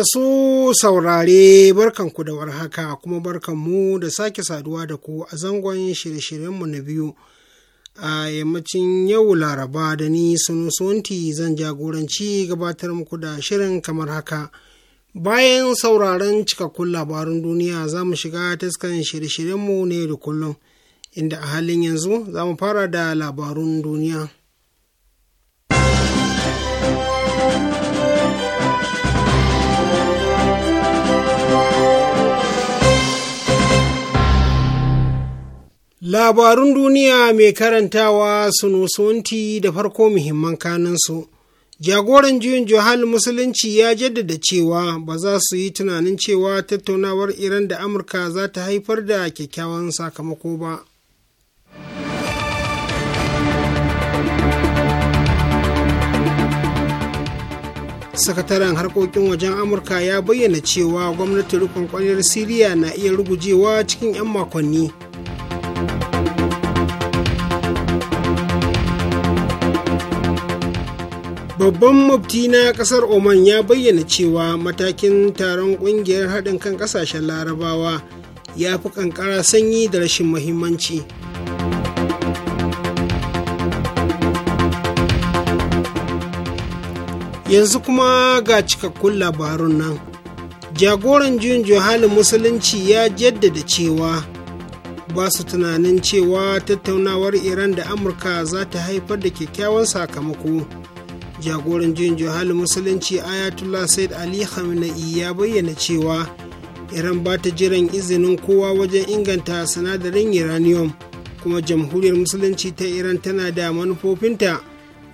Masu saurare barkanku da warhaka kuma barkanmu da sake saduwa da ku a zangon shirye-shiryenmu na biyu a yammacin yau laraba da ni sunusunti zan jagoranci gabatar muku da shirin kamar haka. Bayan sauraron cikakkun labarun duniya za mu shiga taskan shirye-shiryenmu ne da kullum, inda a halin yanzu za mu fara da labarun duniya. Labarun duniya mai karantawa su sunusunti da farko muhimman kanansu. Jagoran juyin Johal Musulunci ya jaddada cewa ba za su yi tunanin cewa tattaunawar Iran da Amurka za ta haifar da kyakkyawan sakamako ba. sakataren harkokin wajen amurka ya bayyana cewa gwamnati rukun kwanar siriya na iya rugujewa cikin 'yan makonni babban mafti na kasar oman ya bayyana cewa matakin taron kungiyar haɗin kan ƙasashen larabawa ya fi ƙanƙara sanyi da rashin muhimmanci yanzu kuma ga cikakkun labarun nan jagoran juyin halin musulunci ya jaddada cewa ba su tunanin cewa tattaunawar iran da amurka za ta haifar da kyakkyawan sakamako jagoran juyin juhal musulunci ayatollah said ali khamenei ya bayyana cewa iran ba ta jiran izinin kowa wajen inganta sinadarin uranium kuma jamhuriyar musulunci ta iran tana da manufofinta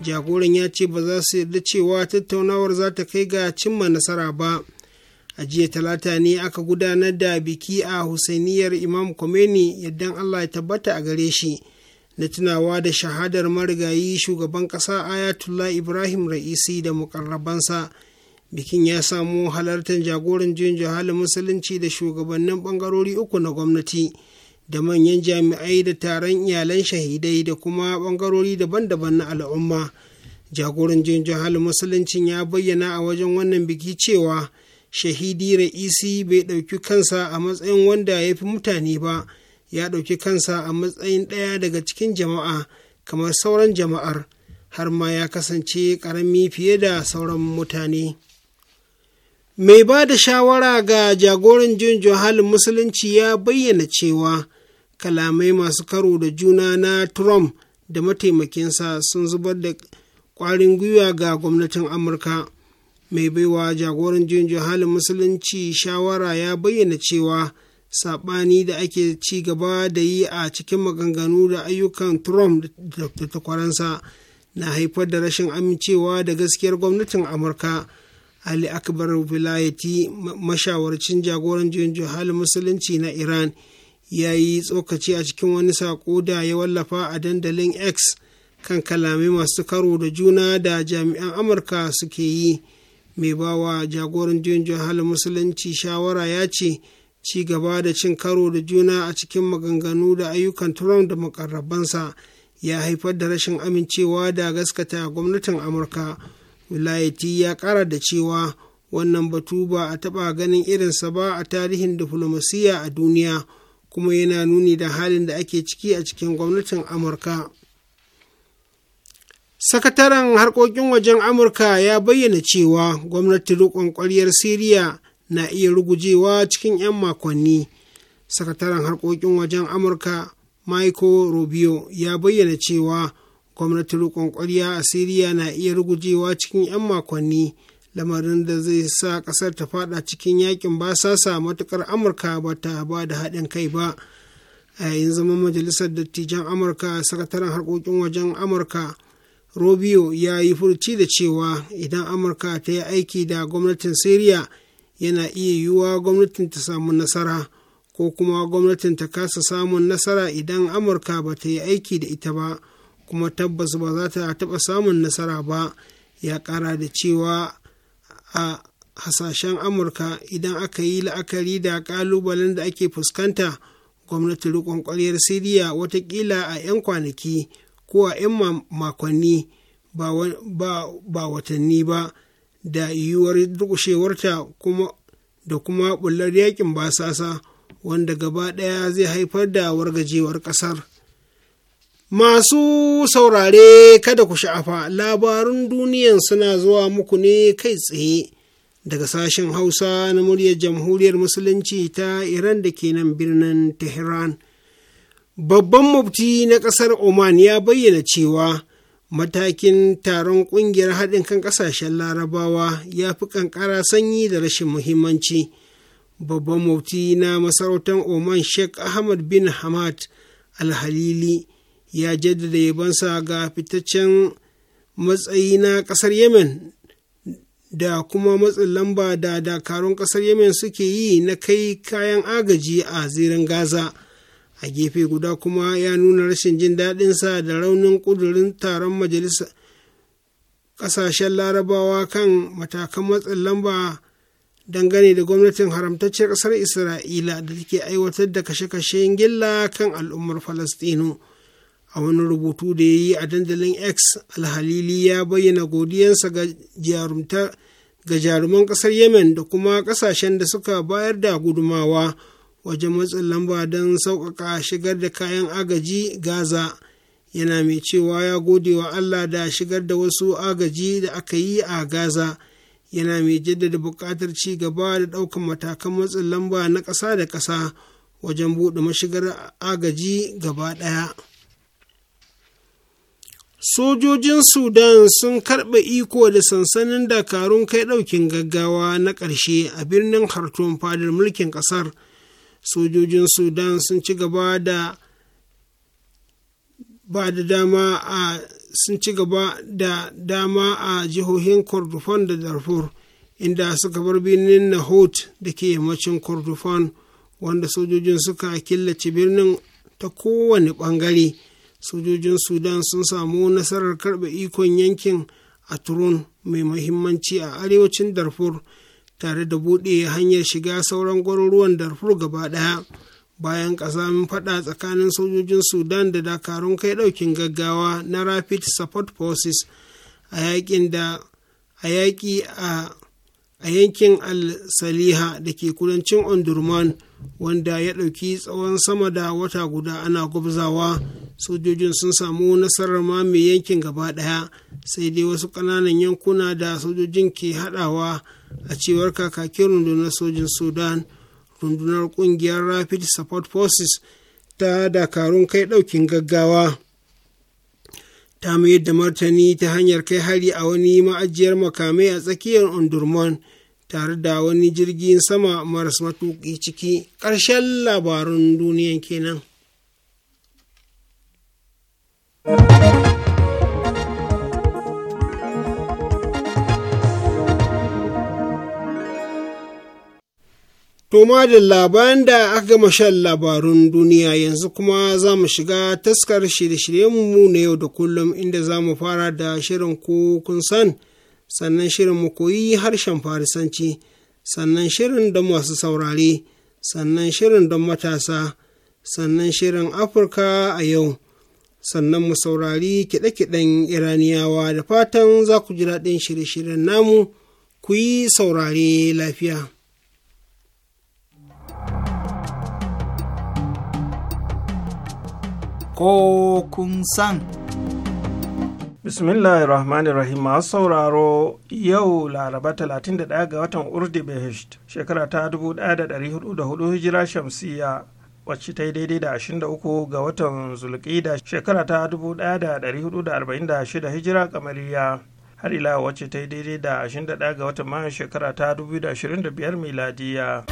jagoran ya ce ba za su yarda cewa tattaunawar za ta kai ga cimma nasara ba a jiya talata ne aka gudanar da biki a husainiyar imam khomeini yadda allah ya tabbata a gare shi na tunawa da shahadar marigayi shugaban ƙasa ayatullah ibrahim ra'isi da mukarrabansa bikin ya samu halartar jagoran juyin halin musulunci da shugabannin ɓangarori uku na gwamnati da manyan jami'ai da taron iyalan shahidai da kuma ɓangarori daban-daban na al'umma jagoran juyin halin musulunci ya bayyana a wajen wannan biki cewa shahidi ra'isi bai ɗauki kansa a matsayin wanda ya fi mutane ba. ya ɗauki kansa a matsayin ɗaya daga cikin jama'a kamar sauran jama'ar har ma ya kasance ƙarami fiye da sauran mutane mai ba da shawara ga jagoran jin halin musulunci ya bayyana cewa kalamai masu karo da juna na trump da mataimakinsa sun zubar da ƙwarin gwiwa ga gwamnatin amurka mai baiwa jagoran jin halin musulunci shawara ya bayyana cewa saɓani da ake ci gaba da yi a cikin maganganu da ayyukan trump da takwaransa na haifar da rashin amincewa da gaskiyar gwamnatin amurka ali akbar vilayati mashawarcin jagoran juyin musulunci na iran ya yi tsokaci a cikin wani saƙo da ya wallafa a dandalin x kan kalamai masu karo da juna da jami'an amurka suke yi mai bawa jagoran juyin musulunci shawara ya ce ci gaba da cin karo da juna a cikin maganganu da ayyukan Trump da makarrabansa ya haifar da rashin amincewa da gaskata gwamnatin Amurka. Wilayati ya ƙara da cewa wannan batu ba a taɓa ganin irinsa ba a tarihin diflomasiyya a duniya kuma yana nuni da halin da ake ciki a cikin gwamnatin Amurka. Sakataren harkokin wajen Amurka ya bayyana cewa gwamnati riƙon ƙwaryar Siriya na iya rugujewa cikin 'yan makonni sakataren harkokin wajen amurka michael rubio ya bayyana cewa gwamnatin riƙon ƙwarya a siriya na iya rugujewa cikin 'yan makonni lamarin da zai sa kasar ta fada cikin yakin basasa matukar amurka ba ta ba da haɗin kai ba a yayin zama majalisar dattijan amurka sakataren harkokin wajen amurka rubio ya yi furci da cewa idan amurka ta yi aiki da gwamnatin siriya yana iya yiwuwa gwamnatin ta samu nasara ko kuma gwamnatin ta kasa samun nasara idan amurka ba ta yi aiki da ita ba kuma tabbas ba za ta taɓa samun nasara ba ya ƙara da cewa a hasashen amurka idan aka yi la'akari da ƙalubalen da ake fuskanta gwamnati riƙon ƙwaryar siriya watakila a 'yan kwanaki ko a 'yan makonni ba watanni ba da yiwuwar durƙushewarta kuma da kuma bullar yakin basasa wanda gaba ɗaya zai haifar da wargajewar ƙasar. Masu saurare kada ku sha'afa labarun duniyan suna zuwa muku ne kai tsaye daga sashen Hausa na muryar Jamhuriyar Musulunci ta Iran da ke nan birnin Tehran. Babban mufti na ƙasar Oman ya bayyana cewa matakin taron ƙungiyar haɗin kan ƙasashen larabawa ya fi ƙanƙara sanyi da rashin muhimmanci babban mufti na masarautar oman sheikh ahmad bin hamad alhalili ya jaddada yabansa ga fitaccen matsayi na ƙasar yemen da kuma matsin lamba da dakarun ƙasar yemen suke yi na kai kayan agaji a zirin gaza a gefe guda kuma ya nuna rashin jin daɗinsa da raunin ƙudurin taron majalisa ƙasashen larabawa kan matakan matsin lamba dangane da gwamnatin haramtacciyar ƙasar isra'ila da take aiwatar da kashe-kashen gilla kan al'ummar falastinu a wani rubutu da ya yi a dandalin x alhalili ya bayyana godiyansa ga ga jaruman ƙasar yemen da kuma ƙasashen da suka bayar da gudumawa wajen matsin lamba don sauƙaƙa shigar da kayan agaji gaza yana mai cewa ya gode wa allah da shigar da wasu agaji da aka yi a gaza yana mai jaddada buƙatar ci gaba da ɗaukan matakan matsin lamba na ƙasa da ƙasa wajen buɗe mashigar agaji gaba ɗaya sojojin sudan sun karɓa iko da sansanin dakarun kai ɗaukin gaggawa na ƙarshe a birnin khartoum fadar mulkin ƙasar sojojin sudan sun ci gaba da ba da dama a sun ci gaba da dama a jihohin kordofan da darfur inda suka bar birnin nahot da ke yammacin kordofan wanda sojojin suka killace birnin ta kowane ɓangare sojojin sudan sun samu nasarar karɓe ikon yankin a turun mai mahimmanci a arewacin darfur tare da buɗe hanyar shiga sauran gwaruruwan darfur gaba ɗaya bayan ƙazamin faɗa tsakanin sojojin sudan da dakarun kai ɗaukin gaggawa na rapid support forces a yaƙin da a yaƙi a yankin al-saliha da ke kudancin ondurman wanda ya ɗauki tsawon sama da wata guda ana gwabzawa sojojin sun samu nasarar mame yankin gaba ɗaya sai dai wasu ƙananan yankuna da sojojin ke haɗawa a cewar kakakin rundunar sojin sudan rundunar kungiyar rapid support forces ta dakarun kai daukin gaggawa ta mayar da martani ta hanyar kai hari a wani ma'ajiyar makamai a tsakiyar undurman tare da wani jirgin sama maras matuƙi ciki ƙarshen labarun duniyan kenan. To da bayan da aka gama shan labarun duniya yanzu kuma za mu shiga taskar shirye-shiryenmu na yau da kullum inda za mu fara da shirin ko kun san sannan shirin mu koyi harshen farisanci sannan shirin don masu saurare sannan shirin don matasa sannan shirin afirka a yau sannan mu saurari kiɗe-kiɗen iraniyawa da fatan za ku ji daɗin shirye-shiryen namu ku yi saurare lafiya. ko kun san. Bismillahirrahmanirrahim masu sauraro yau Laraba 31 ga watan Urdubihisht shekara ta 1404 hijira shamsiya wacce ta yi daidai da 23 ga watan Zulqida shekara ta 1446 hijira kamariya har ila wacce ta yi daidai da 21 ga watan mayan shekara ta 2025 miladiya.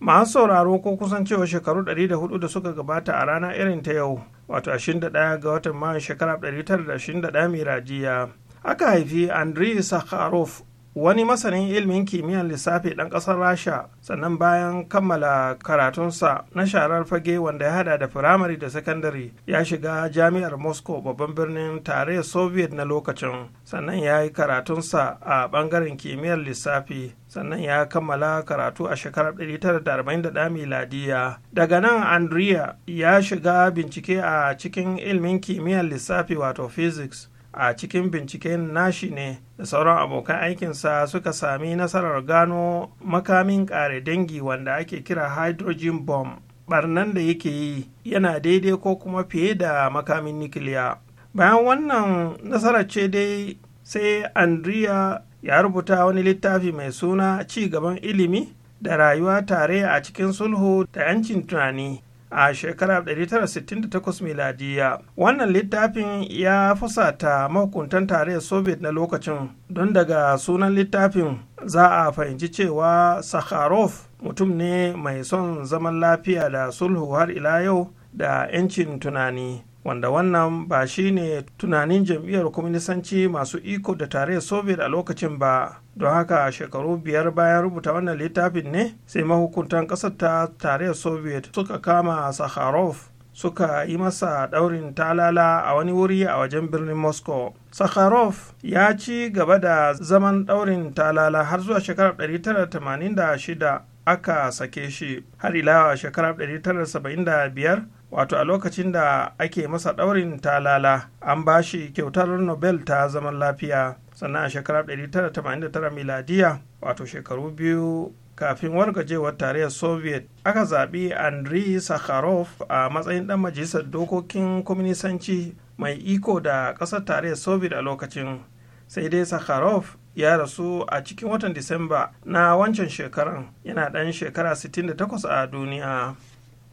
masu sauraro ko kusan cewa shekaru 104 da suka gabata a rana irin ta yau wato 21 ga watan mayu shekara 1921 rajiya, aka haifi andriy sakharov wani masanin ilimin kimiyyar lissafi ɗan ƙasar rasha sannan bayan kammala karatunsa na sharar fage wanda ya haɗa da firamare da sakandare ya shiga jami'ar moscow babban birnin tarayyar soviet na lokacin sannan ya yi karatunsa a ɓangaren kimiyyar lissafi sannan ya kammala karatu a shekarar 1941 miladiya daga nan andrea ya shiga bincike a cikin ilimin kimiyyar lissafi wato physics a cikin binciken nashi ne da sauran abokan aikinsa suka sami nasarar gano makamin ƙare dangi wanda ake kira hydrogen bomb barnan da yake yi yana daidai ko kuma fiye da makamin nukiliya. bayan wannan nasarar ce dai sai andrea ya rubuta wani littafi mai suna ci gaban ilimi da rayuwa tare a cikin sulhu da 'yancin tunani a shekarar 1968 miladiya wannan littafin ya fusata mahukuntan tarayyar soviet na lokacin don daga sunan littafin za a fahimci cewa sakharov mutum ne mai son zaman lafiya da sulhu har ila yau da 'yancin tunani wanda wannan ba shi ne tunanin jam'iyyar kwaminisanci masu iko da tarayyar soviet a lokacin ba don haka a shekaru biyar bayan rubuta wannan littafin ne sai mahukuntan ƙasar ta tarayyar soviet suka kama sakharov suka yi masa ɗaurin talala a wani wuri a wajen birnin moscow sakharov ya ci gaba da zaman ɗaurin talala har zuwa shekarar 1986 aka sake shi har ila shekarar 1975 wato a lokacin da ake masa ɗaurin talala an ba shi kyautar nobel ta zaman lafiya sannan a shekarar 1989 miladiya wato shekaru biyu kafin wargajewar tarayyar soviet aka zaɓi andriy sakharov a matsayin ɗan majalisar dokokin kwaminisanci mai iko da ƙasar tarayyar soviet a lokacin sai dai sakharov ya rasu a cikin watan disamba na wancan shekaran yana ɗan shekara 68 a duniya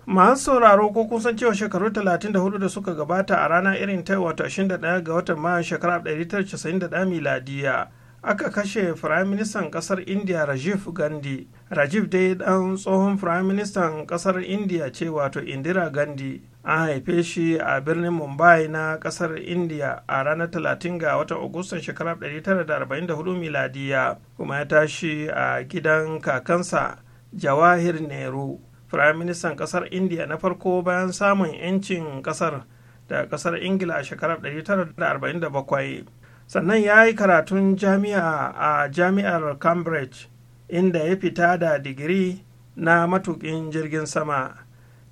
masu sauraro ko kun san cewa shekaru 34 da suka gabata a rana irin ta wato 21 ga watan mayan shekarar 1991 miladiya aka kashe firaministan kasar india rajiv gandhi rajiv dai dan tsohon firaministan kasar india ce wato indira gandhi an haife shi a birnin mumbai na kasar india a ranar 30 ga watan agustan shekarar 1944 miladiya kuma ya tashi a gidan kakansa jawahir nehru firaministan kasar india na farko bayan samun 'yancin kasar da kasar ingila a shekarar 1947 sannan ya yi karatun jami'a a jami'ar cambridge inda ya fita da digiri na matukin jirgin sama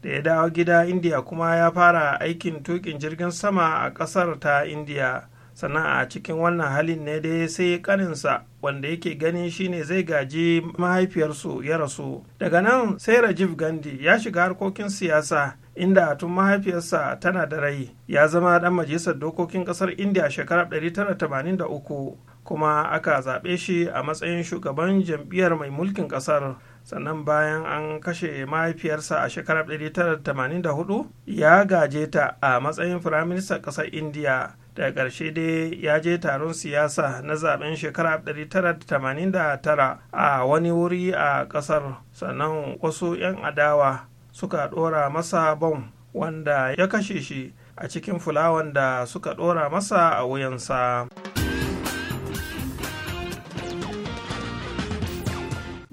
da ya dawo gida india kuma ya fara aikin tukin jirgin sama a kasar ta india sannan a cikin wannan halin ne dai sai kaninsa wanda yake gani shine zai gaji mahaifiyarsu ya rasu daga nan sai rajiv gandhi ya shiga harkokin siyasa inda tun mahaifiyarsa tana da rai ya zama dan majalisar dokokin kasar india shekarar 1983 kuma aka zaɓe shi a matsayin shugaban jam'iyyar mai mulkin kasar sannan bayan an kashe mahaifiyarsa a shekarar 1984 ya gaje ta a matsayin firaministan kasar india da ƙarshe dai ya je taron siyasa na zaben shekara 1989 a wani wuri a ƙasar sannan wasu 'yan adawa suka ɗora masa bom wanda ya kashe shi a cikin fulawan da suka ɗora masa a wuyansa.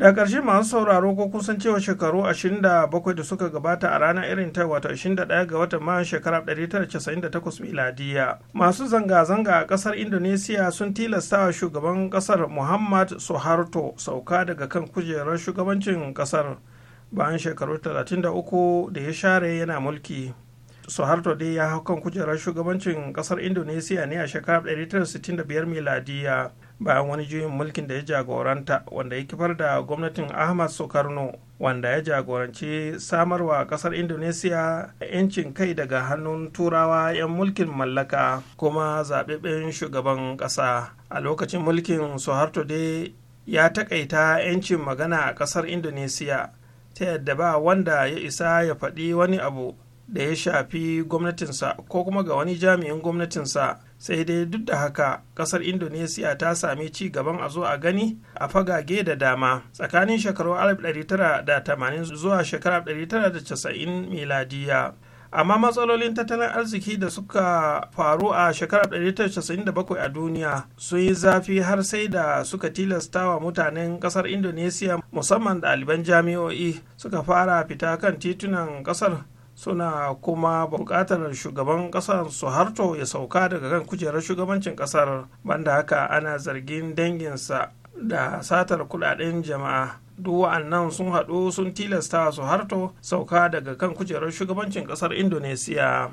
da ƙarshe masu sauraro ko kusan cewa shekaru 27 da suka gabata a ranar irin ta wato 21 ga watan mayan shekara 1998 miladiya masu zanga-zanga a ƙasar indonesia sun tilastawa shugaban ƙasar muhammad Suharto sauka daga kan kujerar shugabancin ƙasar bayan shekaru 33 da ya share yana mulki Suharto dai ya hau kan kujerar shugabancin ƙasar indonesia ne a shekarar 1965 miladiya bayan wani juyin mulkin da ya jagoranta wanda ya kifar da gwamnatin ahmad sokarno wanda ya jagoranci samarwa kasar indonesiya yancin kai daga hannun turawa 'yan mulkin mallaka kuma zaɓaɓɓen shugaban ƙasa a lokacin mulkin suharto dai ya takaita 'yancin magana a ƙasar indonesiya ta yadda ba wanda ya isa ya faɗi wani abu da ya shafi gwamnatinsa ko kuma ga wani jami'in gwamnatinsa sai dai duk da haka kasar indonesiya ta sami ci gaban a zo a gani a fagage da dama tsakanin shekaru 1980 zuwa shekaru 1990 miladiya amma matsalolin tattalin arziki da suka faru a shekarar 1997 a duniya sun yi zafi har sai da suka tilasta wa mutanen kasar indonesiya musamman ɗaliban jami'o'i suka fara fita kan titunan kasar suna kuma buƙatar shugaban ƙasar harto ya sauka daga kan kujerar shugabancin ƙasar banda haka ana zargin danginsa da satar kudaden jama'a duk wa'annan sun haɗu sun tilasta su harto sauka daga kan kujerar shugabancin ƙasar indonesiya.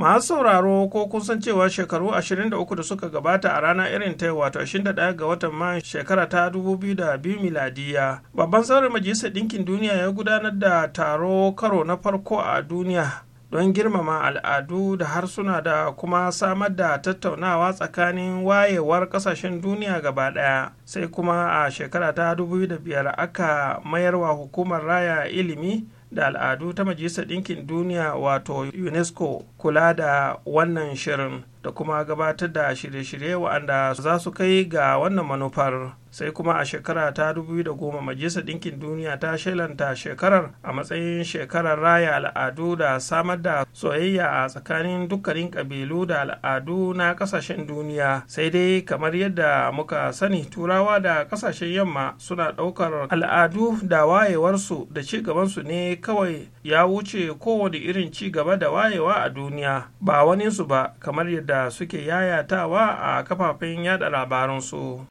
masu sauraro ko kun san cewa shekaru 23 da suka gabata a rana irin ta wato 21 ga watan mayan shekara ta 2002 miladiya babban tsarin majalisar ɗinkin duniya ya gudanar da taro karo na farko a duniya don girmama al'adu da harsuna da kuma samar da tattaunawa tsakanin wayewar kasashen duniya gaba ɗaya sai kuma a shekara ta 2005 aka mayarwa hukumar raya ilimi da al'adu ta majalisar ɗinkin duniya wato unesco kula da wannan shirin da kuma gabatar da shirye-shirye wa'anda za su kai ga wannan manufar sai kuma a shekara ta 2010 majalisar ɗinkin duniya ta shelanta shekarar a matsayin shekarar raya al'adu da samar da soyayya a tsakanin dukkanin ƙabilu da al'adu na ƙasashen duniya sai dai kamar yadda muka sani turawa da ƙasashen yamma suna ɗaukar al'adu da wayewarsu da ci gabansu ne kawai ya wuce kowane irin ci gaba da wayewa a duniya ba wani su ba kamar yadda suke yayatawa a kafafen yada labaransu.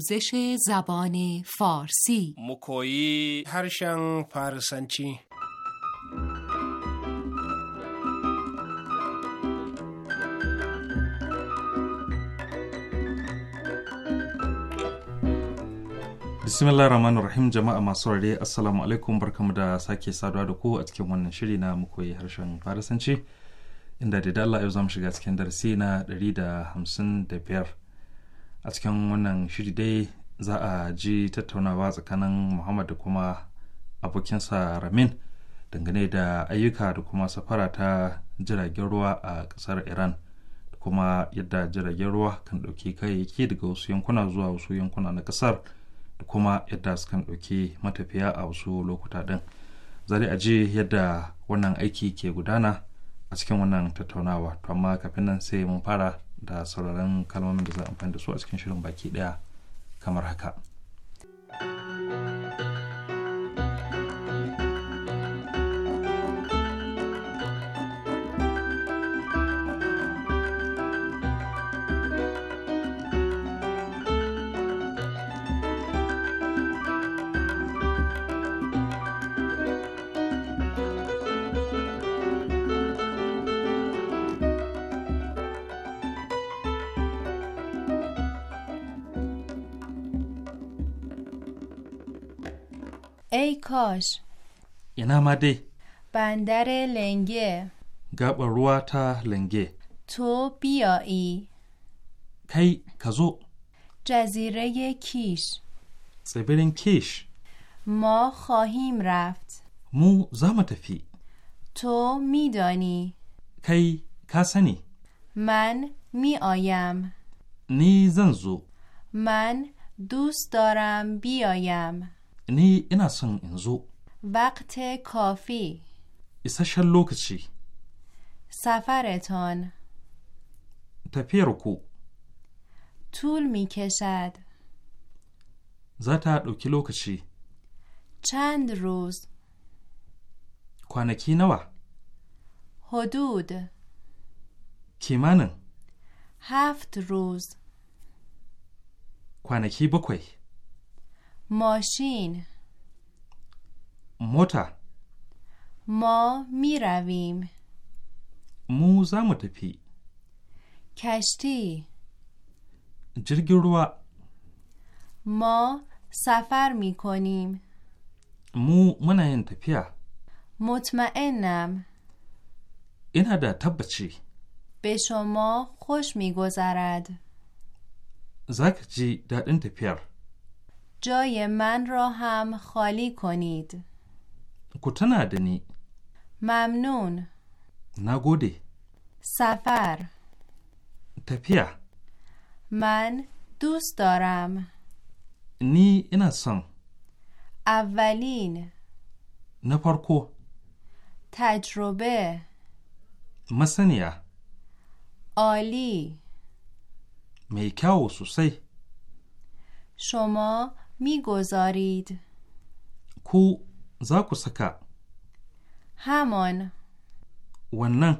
آموزش زبان فارسی مکویی هرشن فارسنچی bismillah rahman rahim jama'a masu rare assalamu alaikum barkamu da sake saduwa da ku a cikin wannan shiri na mu koyi harshen farisanci inda da dalla yau zamu shiga cikin darasi na ɗari da da biyar. a cikin wannan shiri dai za a ji tattaunawa tsakanin muhammad da kuma abokinsa ramin dangane da ayyuka da kuma safara ta jiragen ruwa a ƙasar iran da kuma yadda jiragen ruwa kan ɗauki kayayyaki daga wasu yankuna zuwa wasu yankuna na ƙasar da kuma yadda su kan ɗauki matafiya a wasu lokuta ɗin zai a ji yadda wannan aiki ke gudana a cikin wannan tattaunawa to amma kafin nan sai mun fara da sauraron kalmomin da za a amfani da su a cikin shirin baki daya kamar haka. thank you ای کاش اینا ما دی بندر لنگه گاب روا لنگه تو بیایی کی کزو جزیره کیش سبرین کیش ما خواهیم رفت مو زمت فی تو میدانی کی کسنی من میآیم نی زنزو من دوست دارم بیایم ina son in zo bakte kofi. isasshen lokaci. safareton tafiyar ku tul mi keshad za ta ɗauki lokaci chand roz kwanaki nawa hudud kimanin haft roz kwanaki bakwai ماشین موتا ما می رویم موزا متفی کشتی جرگروا ما سفر می کنیم مو من این تفیا مطمئنم این ها در چی؟ به شما خوش می گذرد زکجی جی در این جای من را هم خالی کنید کتنه دنی ممنون نگودی سفر تپیا من دوست دارم نی اینا سن اولین نپارکو تجربه مسنیا عالی میکاو سوسی شما میگذارید کو زاکو سکا همان ونن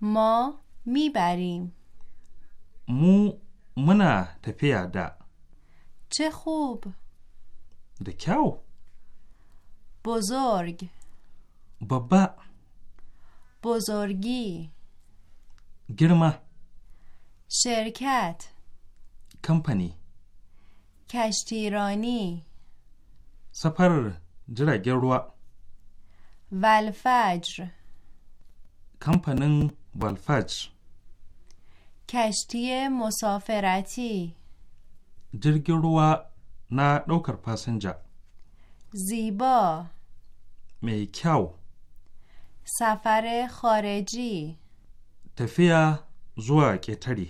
ما میبریم مو منا تپیا دا چه خوب دکاو بزرگ بابا بزرگی گرما شرکت کمپانی کشتیرانی Safarar jiragen ruwa والفجر Kamfanin والفجر کشتی مسافرتی jirgin ruwa na ɗaukar fasinja. Zibo. Mai kyau. Safare khareji. Tafiya zuwa ƙetare.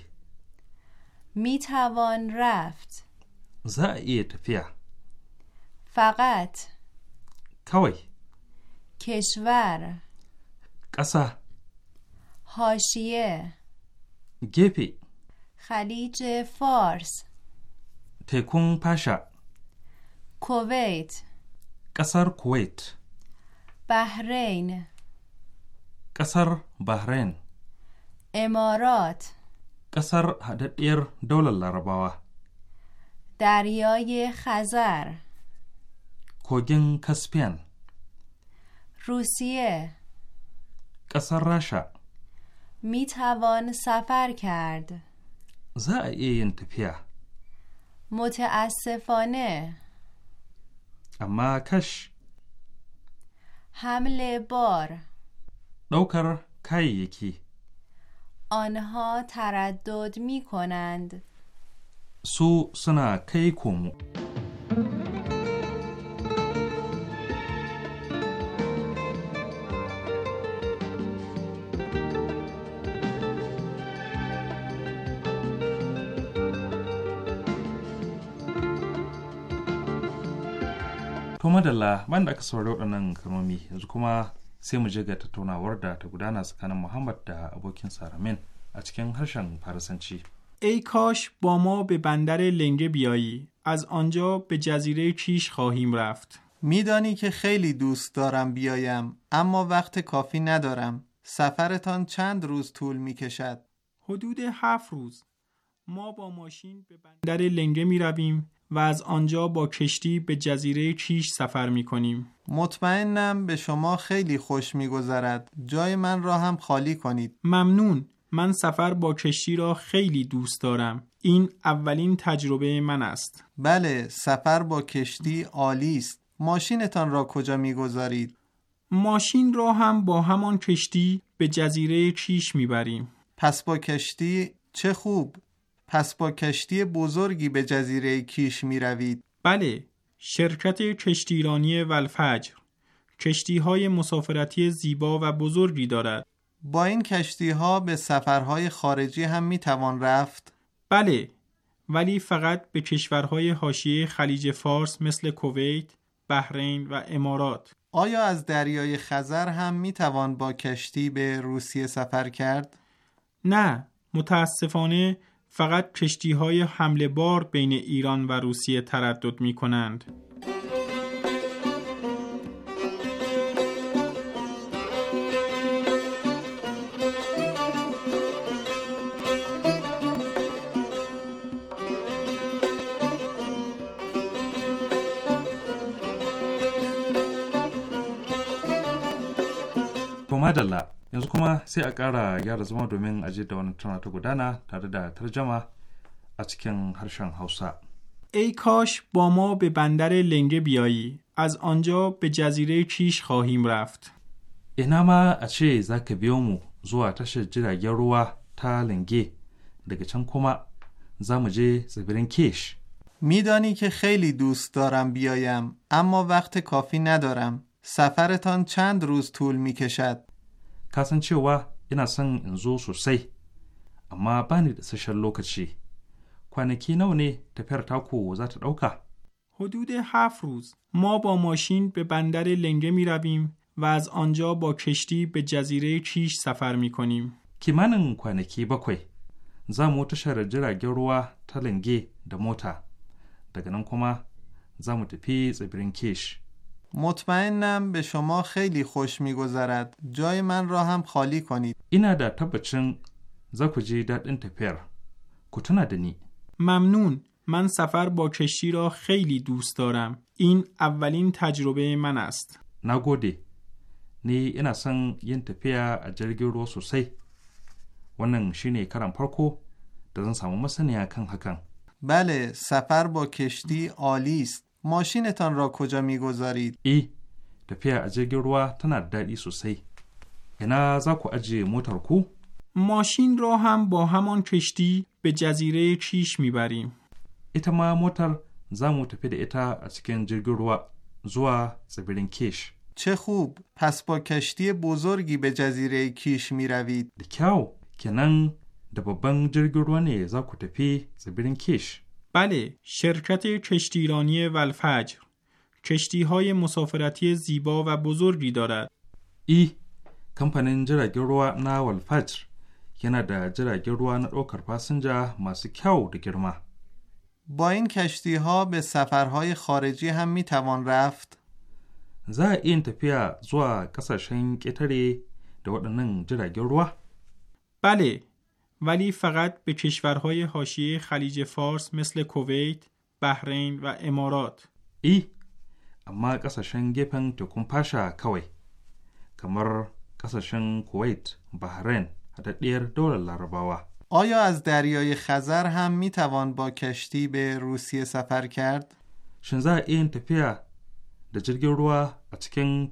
Mitawan raft. za a فقط kawai کشور ƙasa هاشیه gefe خلیج فارس تکون پاشا کویت قصر کویت بحرین قصر بحرین امارات قصر ایر دولة العربوه دریای خزر کوگن کسپین روسیه قصر راشا می توان سفر کرد این تپیا متاسفانه اما کش حمل بار دوکر کای یکی آنها تردد می کنند su suna kai komo. To madalla banda aka saurari waɗannan kalmomi yanzu kuma sai mu je ga tattaunawar da ta gudana tsakanin Muhammad da abokin Saramin a cikin harshen farasanci ای کاش با ما به بندر لنگه بیایی از آنجا به جزیره کیش خواهیم رفت میدانی که خیلی دوست دارم بیایم اما وقت کافی ندارم سفرتان چند روز طول می کشد؟ حدود هفت روز ما با ماشین به بندر لنگه می رویم و از آنجا با کشتی به جزیره کیش سفر می کنیم مطمئنم به شما خیلی خوش می گذرد. جای من را هم خالی کنید ممنون من سفر با کشتی را خیلی دوست دارم. این اولین تجربه من است. بله، سفر با کشتی عالی است. ماشینتان را کجا میگذارید؟ ماشین را هم با همان کشتی به جزیره کیش میبریم. پس با کشتی چه خوب. پس با کشتی بزرگی به جزیره کیش می روید. بله، شرکت کشتیرانی والفجر. کشتی های مسافرتی زیبا و بزرگی دارد. با این کشتی ها به سفرهای خارجی هم می توان رفت؟ بله ولی فقط به کشورهای حاشیه خلیج فارس مثل کویت، بحرین و امارات آیا از دریای خزر هم می توان با کشتی به روسیه سفر کرد؟ نه متاسفانه فقط کشتی های حمله بار بین ایران و روسیه تردد می کنند sai a ƙara gyara zama domin aje da wani tana ta gudana tare da tarjama a cikin harshen hausa ای کاش با ما به بندر لنگه بیایی از آنجا به جزیره کیش خواهیم رفت اینا ما اچه زک بیومو زوا تش جراغی روا تا لنگه دگه چن کما زمجه زبرین کیش میدانی که خیلی دوست دارم بیایم اما وقت کافی ندارم سفرتان چند روز طول می کشد ka san cewa ina son in zo sosai amma ba ni da sashen lokaci kwanaki nawa ne tafiyar taku za ta ɗauka حدود هفت روز ما با ماشین به بندر لنگه می رویم و از آنجا با کشتی به جزیره کیش سفر می کنیم. kimanin kwanaki bakwai za mu tashar jiragen ruwa ta lange da mota daga nan kuma za mu tafi tsibirin kish مطمئنم به شما خیلی خوش میگذرد جای من را هم خالی کنید اینا در تبچن زاکو جی دادن تپر دنی ممنون من سفر با کشتی را خیلی دوست دارم این اولین تجربه من است نگودی نی اینا سن ین تپیا اجرگی رو سوسی wannan shine karan farko da zan samu masaniya kan hakan. Bale, safar ba کشتی است. ماشینتان را کجا میگذارید؟ ای تپیا از روا تنا دادی سوسی اینا زا کو اجی موتور کو ماشین را هم با همان کشتی به جزیره کیش میبریم ایتا ما موتور زا مو تپی ده ایتا از کن جرگی روا زوا سبیرین کیش چه خوب پس با کشتی بزرگی به جزیره کیش می روید دکاو کنن دبابن جرگی روا نه زا کو تپی سبیرین کیش بله شرکت کشتیرانی ولفجر کشتی های مسافرتی زیبا و بزرگی دارد ای کمپانی جرگی روا نا ولفجر یعنی در جرگی روا نروکر پاسنجا مسکیو دکرما با این کشتی ها به سفرهای خارجی هم می توان رفت زا این تپیا زوا کسا کتری اتری دوادنن جرگی روا بله ولی فقط به کشورهای حاشیه خلیج فارس مثل کویت، بحرین و امارات. ای اما قصشن گپن تکون پاشا کوی کمر قصشن کویت، بحرین، حتی دیر دول لارباوا. آیا از دریای خزر هم می توان با کشتی به روسیه سفر کرد؟ شنزا این تپیا د جرگی روا a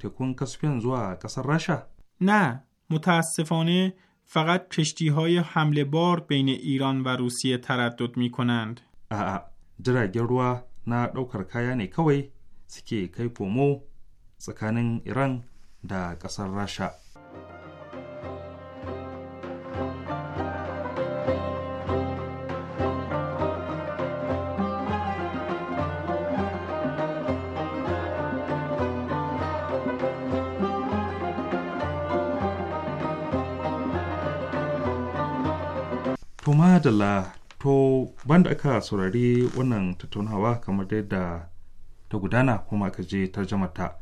تکون کسپین زوا کسر راشا؟ نه متاسفانه فقط کشتی های حمله بار بین ایران و روسیه تردد می کنند. جراجر روا نا دوکر کایانی کوی سکی کای کومو سکانن ایران دا قصر راشه. Adala to banda aka saurari wannan tattaunawa kamar dai da ta gudana kuma aka je tarjamata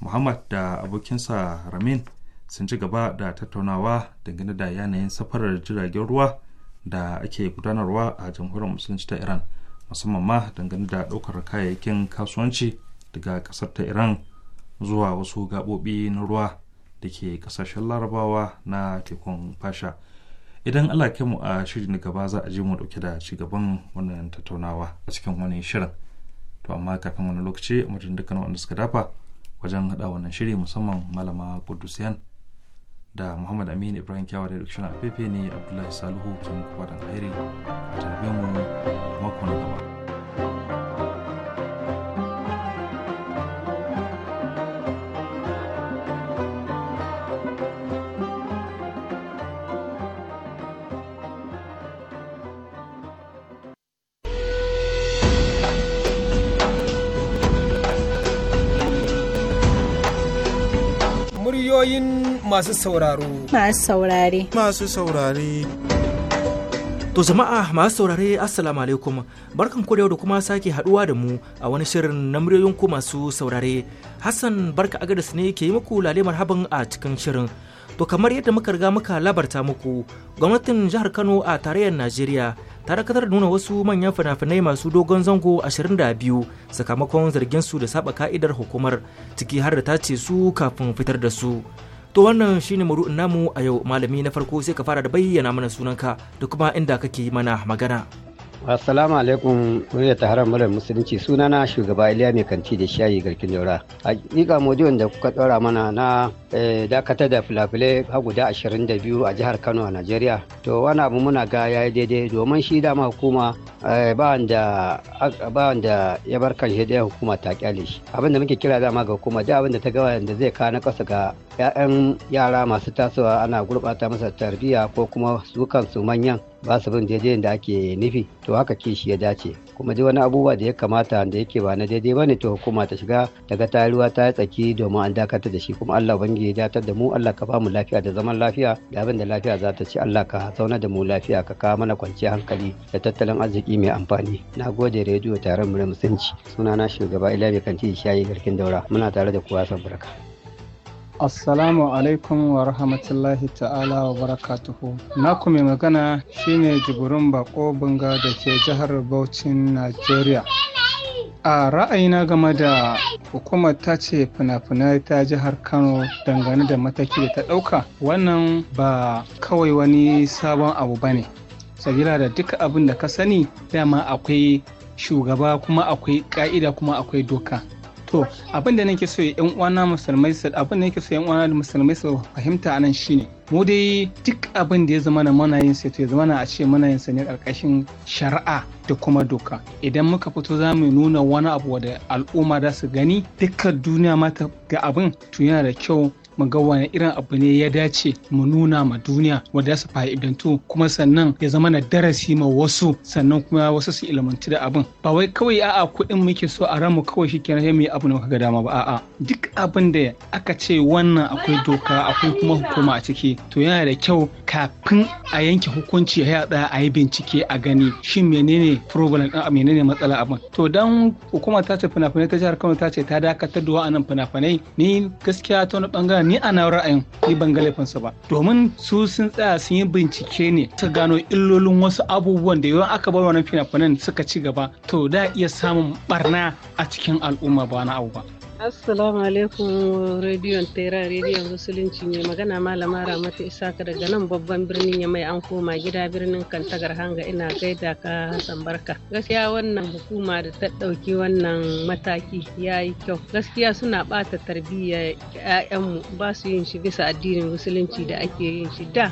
muhammad da abokinsa ramin sun ci gaba da tattaunawa dangane da yanayin safarar jiragen ruwa da ake gudanarwa a jamhuriyar musulunci ta iran musamman ma dangane da ɗaukar kayayyakin kasuwanci daga ƙasar ta iran zuwa wasu gaɓoɓi na ruwa da ke ƙasashen larabawa na tekun fasha idan allah ke mu a shiri na gaba za a je mu dauke da gaban wannan tattaunawa a cikin wani shirin to amma kafin wani lokaci a mutum dukkan wanda suka dafa wajen hada wannan shiri musamman malama kudusiyan da muhammad amin ibrahim kyawa da rikishin afefe ne abdullahi salihu tun muku hairi alheri a tarbe mu makon gaba. masu sauraro. Masu saurare. Masu saurare. To jama'a masu saurare assalamu alaikum barkan ku da yau da kuma sake haduwa da mu a wani shirin na ku masu saurare Hassan barka agadas ne ke yi muku lale marhaban a cikin shirin to kamar yadda muka riga muka labarta muku gwamnatin jihar Kano a tarayyar Najeriya ta dakatar da nuna wasu manyan fina-finai masu dogon zango 22 sakamakon zargin su da saba ka'idar hukumar ciki har da ta ce su kafin fitar da su To wannan shine maru'in namu a yau malami na farko sai ka fara da bayyana mana sunanka da kuma inda kake mana magana. Assalamu alaikum muryar haram murar musulunci suna na shugaba Iliya mai kanti da shayi garkin daura. ƙiƙa modiyon da kuka ɗora mana na eh, dakatar da filafilai ha guda 22 a jihar Kano a Najeriya. To wani abu muna ga ya yi daidai domin shi dama hukuma eh, ba wanda ya bar kan shi hukuma ta kyale shi. Abin da muke kira dama ga hukuma da abin da ta gawa da zai kawo na ƙasa ga 'ya'yan yara masu tasowa ana gurɓata masa tarbiyya ko kuma su kansu manyan ba su bin daidai da ake nufi to haka kishi ya dace kuma ji wani abubuwa da ya kamata da yake ba na daidai bane to hukuma ta shiga daga ta ruwa ta tsaki domin an dakatar da shi kuma Allah bangi ya datar da mu Allah ka ba mu lafiya da zaman lafiya da abin da lafiya za ta ci Allah ka zauna da mu lafiya ka kawo mana kwanciyar hankali da tattalin arziki mai amfani na gode rediyo taron mu na musanci sunana shugaba Ilabi Kanti Shayi Garkin Daura muna tare da kowa san barka Assalamu alaikum wa rahmatullahi ta'ala wa barakatuhu. Na mai magana shine jigurin bako bunga da ke jihar Bauchin, Najeriya. A ra'ayina game da hukumar ta ce fina-finai ta jihar Kano dangane da mataki da ta ɗauka, wannan ba kawai wani sabon abu ba ne. Sabila da duka abin da ka sani dama akwai shugaba kuma akwai ka'ida kuma akwai doka. to abin da nake so yan uwana musulmai su abin da nake so yan uwana musulmai su fahimta anan shine mu dai duk abin da ya zama na mana yin sai to ya zama na a ce muna yin ne karkashin shari'a da kuma doka idan muka fito za mu nuna wani abu da al'umma za su gani dukkan duniya ma ta ga abin to yana da kyau mu ga wani irin abu ne ya dace mu nuna ma duniya wanda su fa'idantu kuma sannan ya zama na darasi ma wasu sannan kuma wasu su ilmanci da abin ba wai kawai a'a kuɗin muke so a ramu kawai shi kenan sai mu yi abu ne ga dama ba a'a duk abin da aka ce wannan akwai doka akwai kuma hukuma a ciki to yana da kyau kafin a yanke hukunci ya tsaya a yi bincike a gani shin menene problem a menene matsala abin to dan hukuma ta ce fina-finai ta jihar Kano ta ce ta dakatar da wa'annan fina-finai ni gaskiya ta wani bangaren ni a nan ra'ayin ni ban ga laifinsu ba domin su sun tsaya sun yi bincike ne ta gano illolin wasu abubuwan da yawan aka bar wannan fina-finan suka ci gaba to da iya samun barna a cikin al'umma ba na abu ba Assalamu alaikum rediyon tera rediyon musulunci mai magana malama isa isaka daga nan babban birnin ya mai an koma gida birnin kantagar hanga ina gaida ka hassan barka gaskiya wannan hukuma da ta ɗauki wannan mataki ya yi kyau gaskiya suna ɓata tarbiyyar 'ya'yanmu ba su yin shi bisa addinin musulunci da ake yin shi da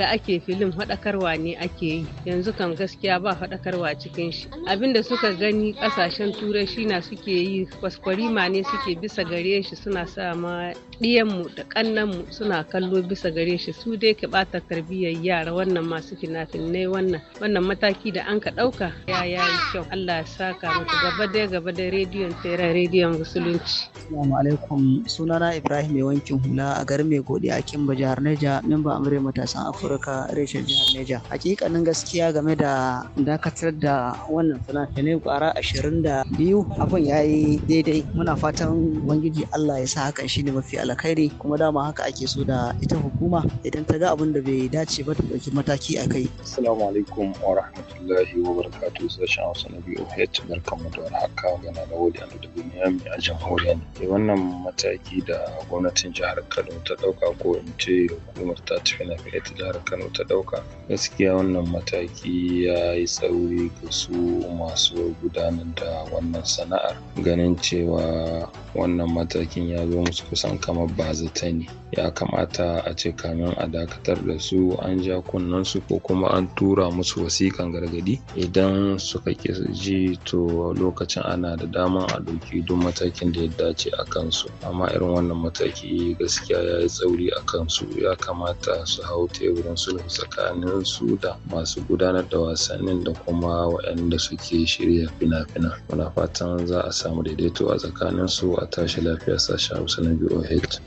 da ake filin faɗakarwa ne ake yi yanzu kan gaskiya ba faɗakarwa cikin shi Abin da suka gani ƙasashen turai shi na suke yi kwaskwarima ne suke bisa gare shi suna sa ma ɗiyanmu da ƙannanmu suna kallo bisa gare shi su dai ke ɓata tarbiyyar yara wannan masu fina-finai wannan wannan mataki da an ka ɗauka ya yayi kyau Allah ya saka maka gaba dai gaba dai rediyon tera rediyon musulunci. Assalamu alaikum sunana Ibrahim mai wankin hula a garin mai godiya a Kimba jihar Neja memba amure matasan Afirka reshen jihar Neja. Hakikanin gaskiya game da dakatar da wannan fina-finai kwara ashirin da biyu abin ya daidai muna fatan ubangiji Allah ya sa hakan shine mafi ala alkhairi kuma dama haka ake so da ita hukuma idan ta ga abin da bai dace ba ta ɗauki mataki a kai. Assalamu alaikum wa rahmatullahi wa barakatu sashen Hausa na BOH barkanmu da haka gana da wuri da Bunyami a jamhuriyar. Eh, wannan mataki da gwamnatin jihar Kano ta ɗauka ko in ce hukumar ta tafi na ta jihar Kano ta ɗauka gaskiya wannan mataki ya yi tsauri ga su masu gudanar da wannan sana'ar ganin cewa wannan matakin ya zo musu kusan kama kamar bazata ne ya kamata a ce kamin a dakatar da su an ja su ko kuma an tura musu wasikan gargadi idan suka ƙi ji to lokacin ana da dama a ɗauki duk matakin da ya dace a kansu amma irin wannan mataki gaskiya ya yi tsauri a kansu ya kamata su hau teburin sulhu tsakanin su da masu gudanar da wasannin da kuma waɗanda suke shirya fina-fina muna fatan za a samu daidaito a tsakanin su a tashi lafiya sashen hausa na biyu lokacin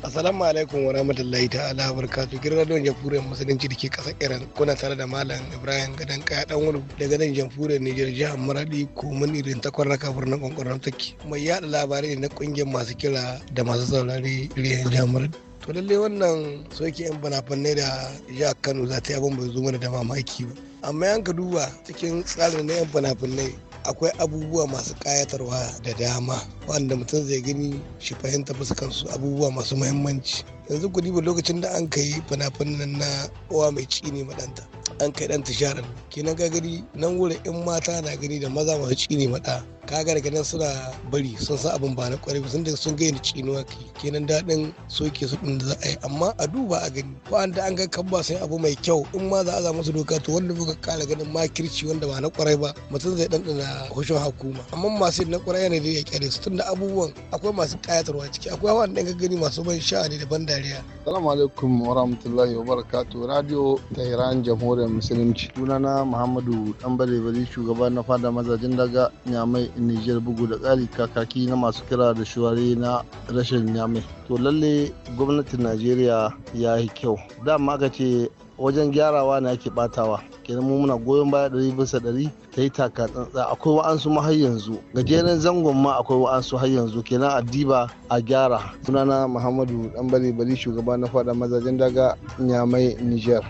Assalamu alaikum wa rahmatullahi ta'ala barkatu gidan radiyon jamhuriyar musulunci da ke kasar Iran kuna tare da Malam Ibrahim Gadan Kaya dan wani daga nan jamhuriyar Nijar jihar Maradi komin irin takwar raka birnin kwankwaron take mai yada labarai na kungiyar masu kira da masu saurari irin jihar Maradi. To lallai wannan soke yan banafanne da jihar Kano za ta yi abin bai zo mana da mamaki ba. Amma yanka duba cikin tsarin na yan banafanne akwai abubuwa masu kayatarwa da dama wanda mutum zai gani shi fahimta fuskansu abubuwa masu muhimmanci yanzu ku ba lokacin da an kai fina-finan na uwa mai ciki ne maɗanta an kai ɗan tisharar kenan ka gani nan wurin in mata na gani da maza masu ciki ne maɗa ka ga daga nan suna bari sun san abin ba na kwarai sun da sun gayyana cinuwa ke. kenan daɗin soke su ɗin da za a yi amma a duba a gani ko an da an ga ba sun abu mai kyau in ma za a za musu doka to wanda muka kala ganin makirci wanda ba na kwarai ba mutum zai ɗanɗana hushin hakuma amma masu na kwarai yana da ya kyale su tunda abubuwan akwai masu ƙayatarwa ciki akwai wanda an gani masu ban sha'ani daban da Najeriya. Salamu alaikum wa rahmatullahi wa barakatu Radio Iran Jamhuriyar Musulunci. Sunana Muhammadu Ɗanbale Bali shugaba na fada mazajin daga Nyamai Nijar bugu da kari kakaki na masu kira da shuwari na rashin Nyamai. To lalle gwamnatin Najeriya ya yi kyau. Dama ka ce wajen gyarawa ne ake batawa kenan mu muna goyon baya ɗari bisa ɗari ta yi taka tsantsa akwai wa'ansu ma har yanzu gajeren zangon ma akwai wa'ansu har yanzu kenan a diba a gyara sunana muhammadu dan bari bari shugaba na fada mazajen daga nyamai niger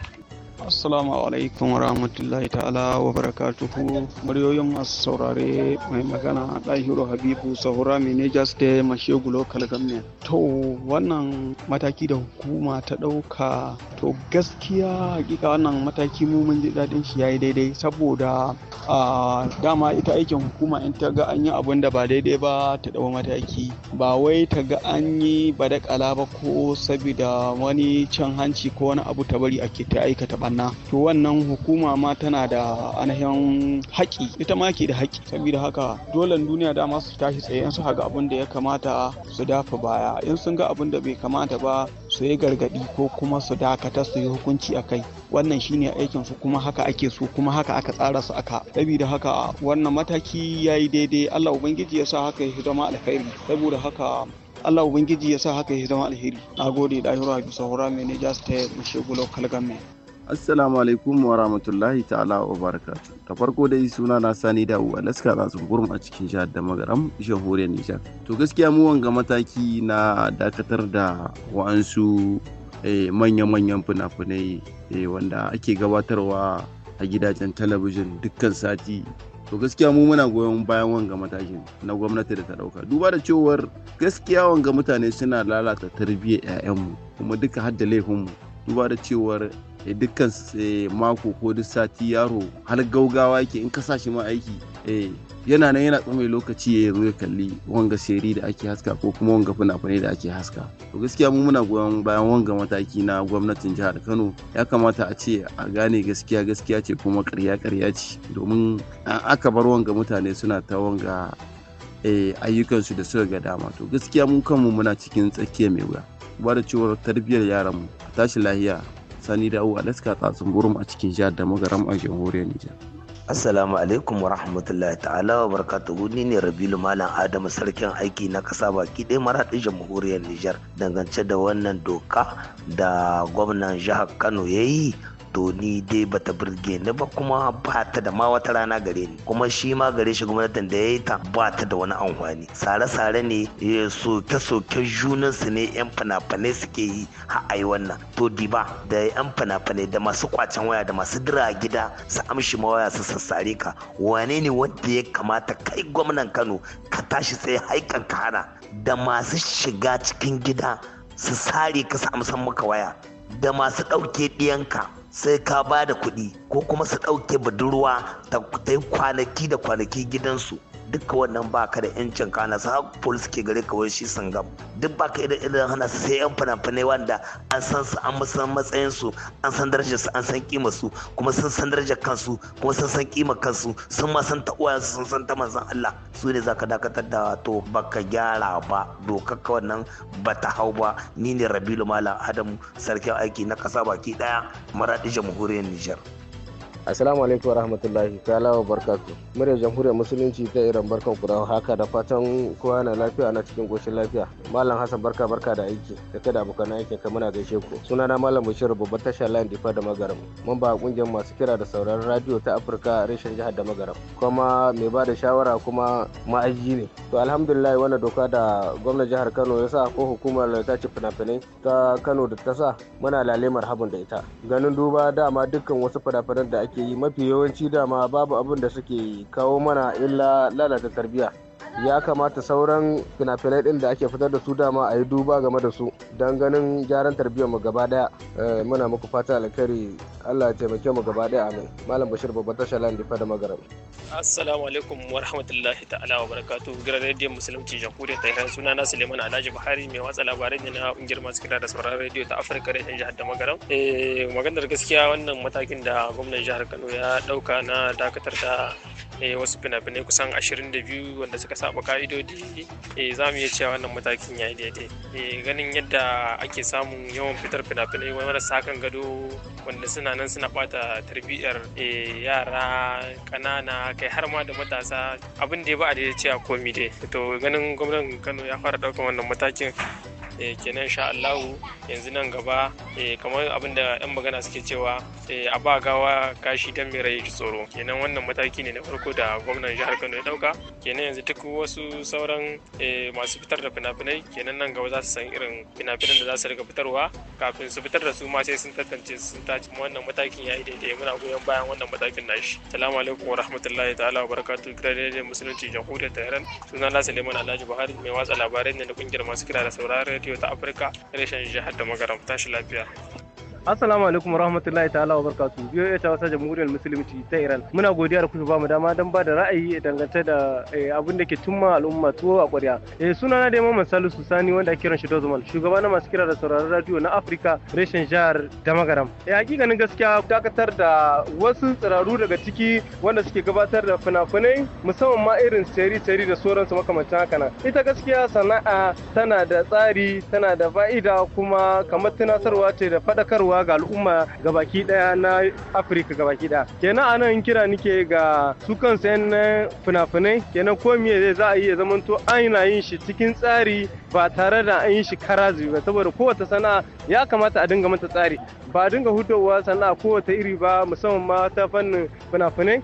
Assalamu alaikum rahmatullahi ta'ala wa barakatuhu muryoyin masu saurare mai magana Ɗahiro Habibu Sahura Manager State Mashegu Local Government. To wannan mataki da hukuma ta ɗauka to gaskiya hakika wannan mataki mu mun ji daɗin shi yayi daidai saboda a dama ita aikin hukuma in ta ga an yi abin da ba daidai ba ta ɗau mataki ba wai ta ga an yi badakala ba ko sabida wani cin hanci ko wani abu ta bari ake ta aikata ba ɓanna to wannan hukuma ma tana da anahin haƙi ita ma ke da haƙi saboda haka dole duniya dama su tashi tsaye in su haga abin da ya kamata su dafa baya in sun ga abin da bai kamata ba su yi gargadi ko kuma su dakata su yi hukunci a kai wannan shine aikin su kuma haka ake so kuma haka aka tsara su aka saboda haka wannan mataki yayi daidai Allah ubangiji ya sa haka ya zama alkhairi saboda haka Allah ubangiji ya sa haka ya zama alheri nagode da ayyura bisa hura mai ne jasta ya yi shigulo kalgan mai assalamu alaikum wa rahmatullahi ta'ala wa barakatu Ta farko dai suna na sani da uwa laska za gurum a cikin jihar da magaram jamhuriyar nijar to gaskiya mu wanga mataki na dakatar da wa'ansu eh, manya-manyan fina-finai eh, wanda ake gabatarwa a gidajen talabijin dukkan sati to gaskiya mu muna goyon bayan wanga matakin na gwamnati da ta dauka duba da cewar gaskiya wanga mutane suna lalata tarbiyyar 'ya'yanmu kuma duka hadda laifinmu duba da cewar Eh, dukkan eh, mako ko duk sati yaro har gaugawa yake in ka shi ma aiki eh, yana nan yana tsamai lokaci ya zo ya kalli wanga seri da ake haska ko kuma wanga fina-finai da ake haska to gaskiya mu muna goyon bayan wanga mataki na gwamnatin jihar kano ya kamata a ce a gane gaskiya gaskiya ce kuma karya karya ce domin aka bar wanga mutane suna ta wanga ayyukansu da suka ga dama to gaskiya mu kanmu muna cikin tsakiya mai wuya ba da cewar tarbiyyar yaranmu a tashi lahiya sani da a laska tsatsun burum a cikin jihar da magaram a jamhuriyar nijar Assalamu alaikum wa rahmatullahi ta'ala wa barakatuhu ni ne Rabilu Malam Adamu sarkin aiki na kasa baki ɗaya ɗin jamhuriyar Nijar dangance da wannan doka da gwamnan jihar Kano ya yi to ni dai bata birge ni ba kuma ba ta da ma wata rana gare ni kuma shi ma gare shi gwamnatin da ya yi ta ba ta da wani amfani sare-sare ne ya eh, soke junan su ne 'yan fina-finai suke yi ai wannan to diba da 'yan fina-finai da masu kwacen waya da masu dira gida su amshi mawaya su sassare ka wane ne wanda ya kamata kai gwamnan kano ka tashi sai haikan ka da masu shiga cikin gida su sare ka su amsan maka waya da masu ɗauke ɗiyanka sai ka ba da kuɗi ko kuma su ɗauke budurwa ta yi kwanaki da kwanaki gidansu duka wannan baka da yancin ka na sa polis suke gare ka wai shi sangam duk baka idan idan hana su sai yan fina wanda an san su an san matsayin su an san darajar su an san kimar su kuma sun san darajar kansu kuma sun san kimar kansu sun ma san ta uwayensu sun san ta manzon Allah su ne zaka dakatar da to baka gyara ba dokar ka wannan bata hau ba ni ne Rabilu Malam Adamu sarkin aiki na kasa baki daya maradi jamhuriyar Nijar. Assalamu alaikum wa rahmatullahi ta'ala wa barkatu. Muryar Jamhuriyar Musulunci ta Iran barkan ku haka da fatan kowa na lafiya na cikin goshin lafiya. Malam Hassan barka barka da aiki da kai da abokan aiki, ka muna gaishe ku. Sunana Malam Bashir babban tasha Layin Difa da Magaram. Mun ba kungiyar masu kira da sauraron radio ta Afirka reshen jihar da Magaram. Kuma mai ba da shawara kuma ma'aji ne. To alhamdulillah wannan doka da gwamnan jihar Kano ya sa ko hukumar ta ci fina-finai ta Kano da ta sa muna lalemar habun da ita. Ganin duba dama dukkan wasu fina-finan da suke yi mafi yawanci dama babu abin da suke kawo mana illa lalata tarbiyya ya kamata sauran fina-finai din da ake fitar da su dama a yi duba game da su don ganin gyaran tarbiyyar mu gaba daya eh, muna muku fata alkhairi Allah ya taimake mu gaba daya amin malam bashir babban tashar lan fa da magaram assalamu alaikum wa rahmatullahi ta'ala wa barakatuh gidan rediyon musulunci jakuri ta iran suna na suleiman alhaji buhari mai watsa labarai na kungiyar masu kira da sauran radio ta afirka da jihar da magaram eh, maganar gaskiya wannan matakin da gwamnan jihar kano ya dauka na dakatar da eh, wasu fina kusan 22 wanda suka saba ka'idodi eh, za mu iya cewa wannan matakin ya yi daidai eh, ganin yadda ake samun yawan fitar fina-finai marasa kan gado wanda suna nan suna bata tarbiyyar eh, yara kanana kai har ma da matasa abin da ya ba a daidai cewa komi dai to ganin gwamnan Kano ya fara ɗaukar wannan matakin Eh, kenan sha Allahu yanzu nan gaba eh, kamar abin da 'yan magana suke cewa eh, a ba gawa kashi don mai rayu tsoro kenan wannan mataki ne na farko da gwamnan jihar Kano ya dauka kenan yanzu duk wasu sauran masu fitar da fina-finai kenan nan gaba za su san irin fina-finan da za su riga fitarwa kafin su fitar da su ma sai sun tantance sun tace wannan matakin ya yi daidai muna goyon bayan wannan matakin nashi salamu alaikum wa rahmatullahi ta'ala wa barakatuh gidan musulunci jamhuriyar tehran suna lasa mana alhaji buhari mai watsa labarai ne na kungiyar masu kira da sauraron ta afirka reshen jihar da magaramta shi lafiya Assalamu alaikum warahmatullahi ta'ala wa barkatu. Biyo ta wasa jamhuriyar musulunci ta Iran. Muna godiya da kuka ba mu dama don ba da ra'ayi dangantar da eh, abin da ke cimma al'umma tuwo a ƙwarya. suna eh, sunana da Mamman Salisu Sani wanda kiran shi Dozman, shugaba na masu kira da sauraron radio na Afirka reshen jihar Damagaram. Eh hakikanin gaskiya dakatar da wasu tsiraru daga ciki wanda suke gabatar da fina-finai musamman ma irin tsari-tsari da sauransu makamancin haka nan. Ita gaskiya sana'a tana da tsari, tana da fa'ida kuma kamar tunasarwa ce da faɗakarwa samarwa ga al'umma gabaki daya na afirka gabaki daya kenan anan kira nike ga su kansu yan fina-finai kenan ko miye za a iya zamanto an yana yin shi cikin tsari ba tare da an yi shi karazi ba saboda kowace sana'a ya kamata a dinga mata tsari ba dinga hudowa sana'a kowace iri ba musamman ma ta fannin fina-finai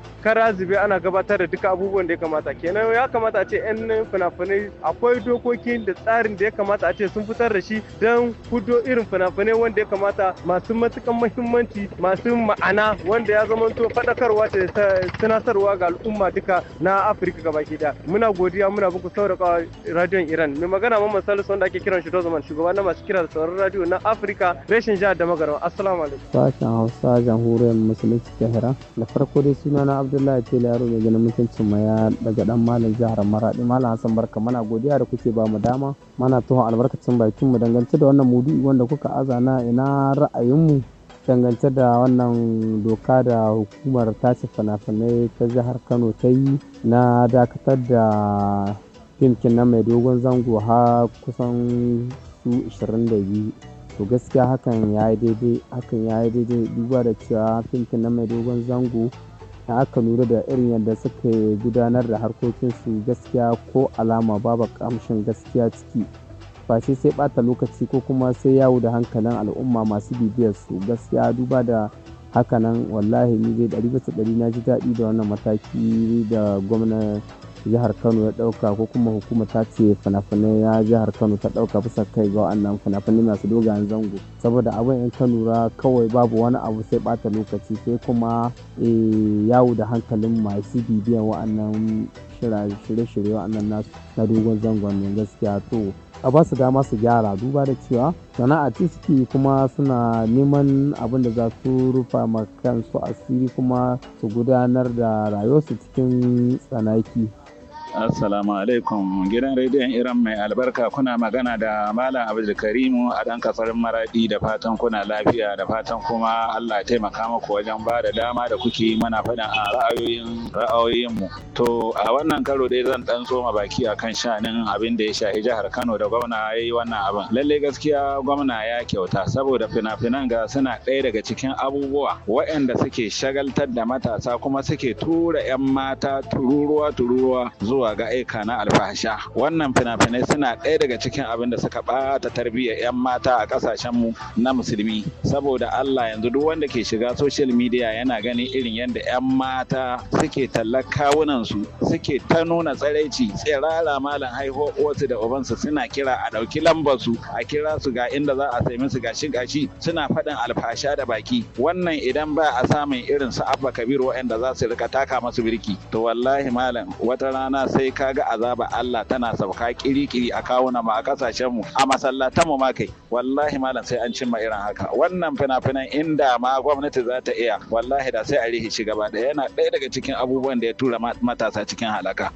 bai ana gabatar da duka abubuwan da ya kamata kenan ya kamata a ce 'yan fina-finai akwai dokokin da tsarin da ya kamata a ce sun fitar da shi don hudo irin fina-finai wanda ya kamata masu matukan mahimmanci masu ma'ana wanda ya zamanto faɗakarwa da sanarwa ga al'umma duka na afirka gabaki daya muna godiya muna muku sauraka radiyon iran mai magana mamman salisu wanda ake kiran shi zaman shugaba na masu kira da sauran radiyo na afirka rashin jihar da magarawa assalamu alaikum sashen hausa jamhuriyar musulunci tehran da farko dai suna na abdullahi tela yaro mai ganin mutuncin maya daga dan malam jihar maradi malam hassan barka mana godiya da kuke ba mu dama mana tuhon albarkacin bakin mu dangance da wannan mudu'i wanda kuka azana ina ra'ayi ra'ayinmu dangance da wannan doka da hukumar tace fina-finai ta jihar kano ta yi na dakatar da fimkin na mai dogon zango ha kusan su 22 to gaskiya hakan ya yi daidai hakan ya yi daidai duba da cewa fimkin na mai dogon zango na aka lura da irin yadda suka gudanar da harkokinsu gaskiya ko alama babu kamshin gaskiya ciki face sai bata lokaci ko kuma sai yawo da hankalin al'umma masu bibiyar su gaskiya duba da hakanan wallahi ni dai ɗari bisa ɗari na ji daɗi da wannan mataki da gwamnan jihar kano ya ɗauka ko kuma hukuma ta ce fina-finai ya jihar kano ta ɗauka bisa kai ga wannan fina-finai masu dogayen zango saboda abin in kano ra kawai babu wani abu sai bata lokaci sai kuma eh, yawo da hankalin masu bibiyar wa'annan shirye-shirye wa'annan nasu na dogon zangon gaskiya to a ba su dama su gyara duba da cewa sana'a ce suke kuma suna neman abin da za su rufa ma kansu asiri kuma su gudanar da rayuwarsu cikin tsanaki Assalamu alaikum gidan rediyon Iran mai albarka kuna magana da Malam Abdulkarimu a ɗan kasar Maradi da fatan kuna lafiya da fatan kuma Allah taimaka muku wajen ba da dama da kuke mana faɗin a ra'ayoyin ra'ayoyinmu. To a wannan karo dai zan ɗan tsoma baki akan shanin abin da ya shafi jihar Kano da gwamna ya yi wannan abin. Lallai gaskiya gwamna ya kyauta saboda fina-finan ga suna ɗaya daga cikin abubuwa waɗanda suke shagaltar da matasa kuma suke tura 'yan mata tururuwa tururuwa zuwa zuwa ga aika na alfahasha wannan fina-finai suna ɗaya daga cikin abin da suka ɓata tarbiyyar 'yan mata a mu na musulmi saboda allah yanzu duk wanda ke shiga social media yana gani irin yadda 'yan mata suke tallar kawunansu suke ta nuna tsaraici tsirara malam haihuwar wasu da ubansu suna kira a ɗauki lambar su a kira su ga inda za a sai musu gashi gashi suna faɗin alfasha da baki wannan idan ba a samun irin su abba kabiru waɗanda za su rika taka masu birki to wallahi malam wata rana sai sai kaga azaba Allah tana sauka kiri-kiri a kawuna ma a kasashen mu a masallata mu ma kai wallahi malam sai an cimma irin haka wannan fina-finan inda ma gwamnati za ta iya wallahi da sai a rihi shi gaba da yana ɗaya daga cikin abubuwan da ya tura matasa cikin halaka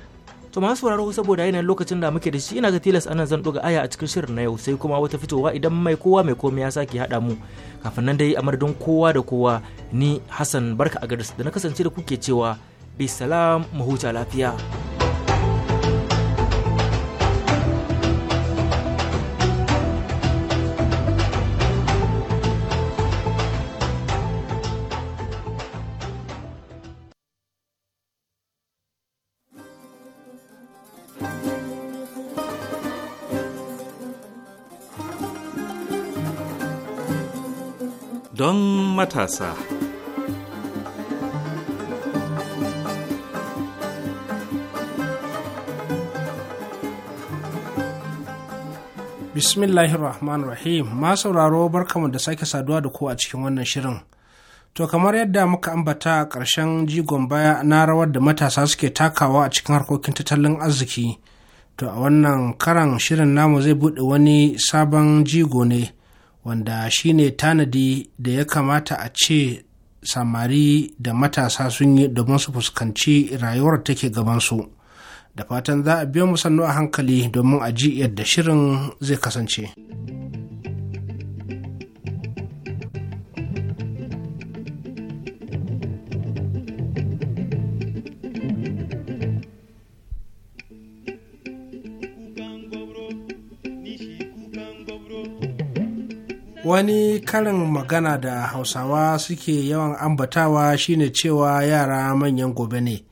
To masu sauraro saboda yanayin lokacin da muke da shi ina ga tilas anan zan ɗoga aya a cikin shirin na yau sai kuma wata fitowa idan mai kowa mai komai ya sake haɗa mu kafin nan dai a madadin kowa da kowa ni Hassan barka a da na kasance da kuke cewa bisalam mu huta lafiya. don matasa. Bismillahirrahmanirrahim ma sauraro barkamu da sake saduwa da ku a cikin wannan shirin. To kamar yadda muka ambata a ƙarshen jigon baya na rawar da matasa suke takawa a cikin harkokin tattalin arziki. To a wannan karan shirin namu zai buɗe wani sabon jigo ne. wanda shi ne tanadi da ya kamata a ce samari da matasa sun yi domin su fuskanci rayuwar take gabansu da fatan za a biyo mu sannu a hankali domin a ji yadda shirin zai kasance. wani karin magana da hausawa suke yawan ambatawa shine cewa yara manyan gobe ne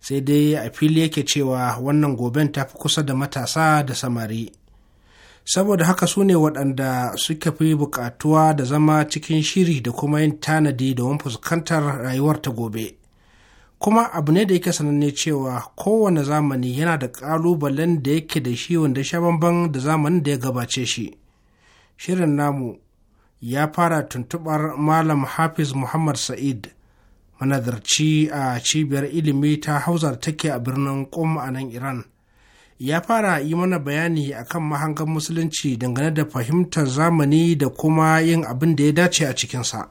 sai dai a fili yake cewa wannan goben ta fi kusa da matasa da samari saboda haka su ne waɗanda suka fi buƙatuwa da zama cikin shiri da kuma yin tanadi domin fuskantar rayuwar ta gobe kuma abu ne da yake sananne cewa kowane zamani yana da ƙalubalen da yake da shi wanda sha bamban da zamanin da ya gabace shi shirin namu ya fara tuntubar malam hafiz muhammad sa'id manazarci a cibiyar ilimi ta hauzar take a birnin ƙum a nan iran ya fara yi mana bayani a kan mahangar musulunci dangane da fahimtar zamani da kuma yin abin da ya dace a cikinsa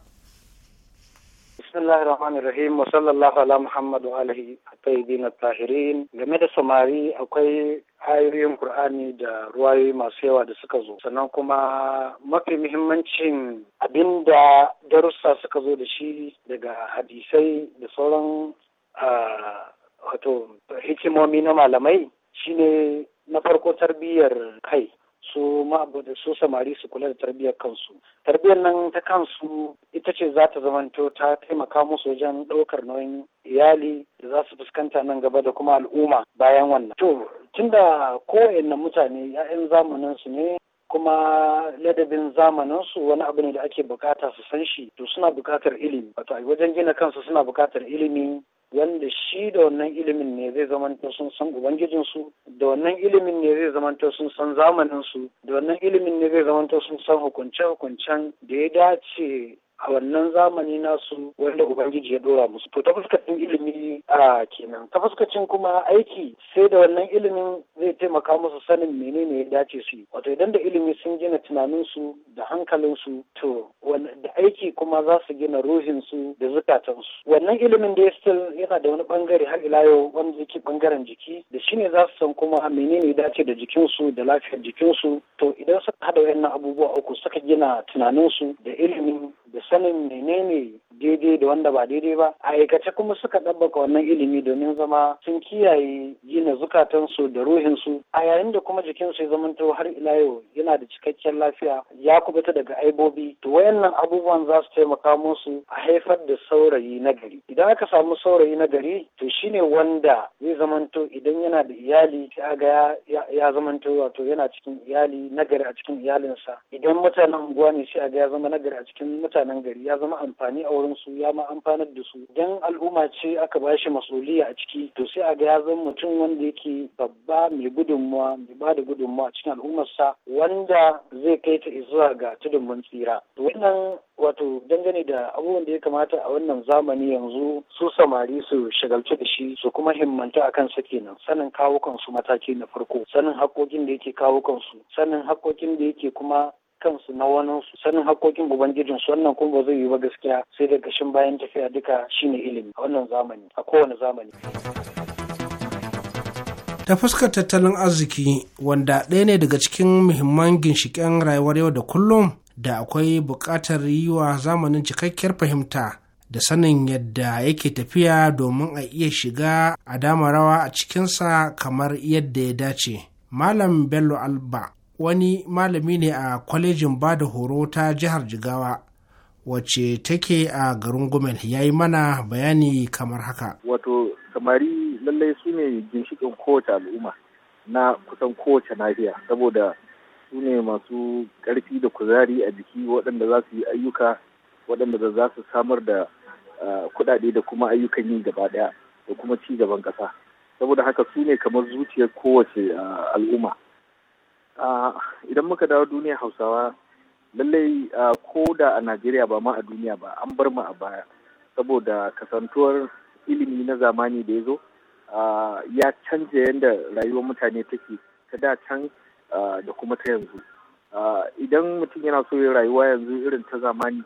bismillahir rahmanir rahim wa sallallahu ala muhammad wa alihi a game da samari akwai ayoyin Kur'ani da ruwayoyi masu yawa da suka zo. Sannan kuma mafi muhimmancin abinda darussa suka zo da shi daga hadisai da sauran wato hikimomi na malamai shine na farko tarbiyyar kai su ma'abuda su samari su kula da tarbiyyar kansu tarbiyyar nan ta kansu ita ce za ta zamanto ta taimaka musu wajen ɗaukar nauyin iyali da za su fuskanta nan gaba da kuma al'umma bayan wannan to tunda kowanne mutane 'ya'yan zamaninsu ne kuma ladabin zamaninsu wani abu ne da ake bukata su san shi to suna bukatar ilimi wato wajen gina kansu suna bukatar ilimi wanda shi da wannan ilimin ne zai zamanta sun san ubangijinsu da wannan ilimin ne zai zamanta sun san zamaninsu da wannan ilimin ne zai zamanta sun san hukunce-hukuncen da ya dace a wannan zamani nasu wanda ubangiji ya dora musu to ta ilimi a kenan ta kuma aiki sai da wannan ilimin zai taimaka musu sanin menene ya dace su yi wato idan da ilimi sun gina tunaninsu da hankalinsu to da aiki kuma za su gina ruhinsu da zukatansu wannan ilimin da ya still yana da wani bangare har ila yau wanda yake bangaren jiki da shine za su san kuma menene ya dace da jikinsu da lafiyar jikinsu to idan suka hada wayannan abubuwa uku suka gina tunaninsu da ilimin da sanin menene daidai da wanda ba daidai ba a aikace kuma suka ɗabbaka wannan ilimi domin zama sun kiyaye gina zukatansu da ruhinsu a yayin da kuma jikinsu ya zamanto har ila yau yana da cikakken lafiya ya kubuta daga aibobi to wayannan abubuwan za su taimaka musu a haifar da saurayi na gari idan aka samu saurayi na gari to shine wanda zai zamanto idan yana da iyali sai aga ya zamanto wato yana cikin iyali na gari a cikin iyalinsa idan mutanen unguwa ne sai aga ya zama na gari a cikin mutanen mutanen gari ya zama amfani a wurin su ya ma amfanar da su dan al'umma ce aka ba shi mas'uliya a ciki to sai a ga ya zama mutum wanda yake babba mai gudunmuwa mai ba da gudunmuwa a cikin al'ummarsa wanda zai kai ta izuwa ga tudun mun tsira wannan wato dangane da abubuwan da ya kamata a wannan zamani yanzu su samari su shagalci da shi su kuma himmanta akan su kenan sanin kawukan su mataki na farko sanin hakokin da yake kawukan su, sanin hakokin da yake kuma kansu na wani sanin ubangijin su wannan kuma ba zai yi ba gaskiya sai da gashin bayan tafiya duka shine ilimi a wannan zamani a kowane zamani. ta fuskar tattalin arziki wanda ɗaya ne daga cikin muhimman ginshiƙen rayuwar yau da kullum da akwai buƙatar yi wa zamanin cikakkiyar fahimta da sanin yadda yake tafiya domin a iya shiga a dama rawa a cikinsa kamar yadda ya dace. Malam Bello Alba wani malami ne a kwalejin ba da horo ta jihar jigawa wacce take a garin gumel ya yi mana bayani kamar haka wato samari lallai su ne ginshikin kowace al'umma na kusan kowace nahiya saboda su ne masu ƙarfi da kuzari a jiki waɗanda za su yi ayyuka waɗanda za su samar da kuɗaɗe da kuma ayyukan yi gaba ɗaya da kuma ci gaban ƙasa saboda haka su ne kamar zuciyar kowace al'umma idan muka dawo duniya hausawa lallai ko da a najeriya ba ma a duniya ba an bar mu a baya saboda kasantuwar ilimi na zamani da ya zo ya canza yadda rayuwar mutane take ta da can da kuma ta yanzu idan mutum yana so ya rayuwa yanzu irin ta zamani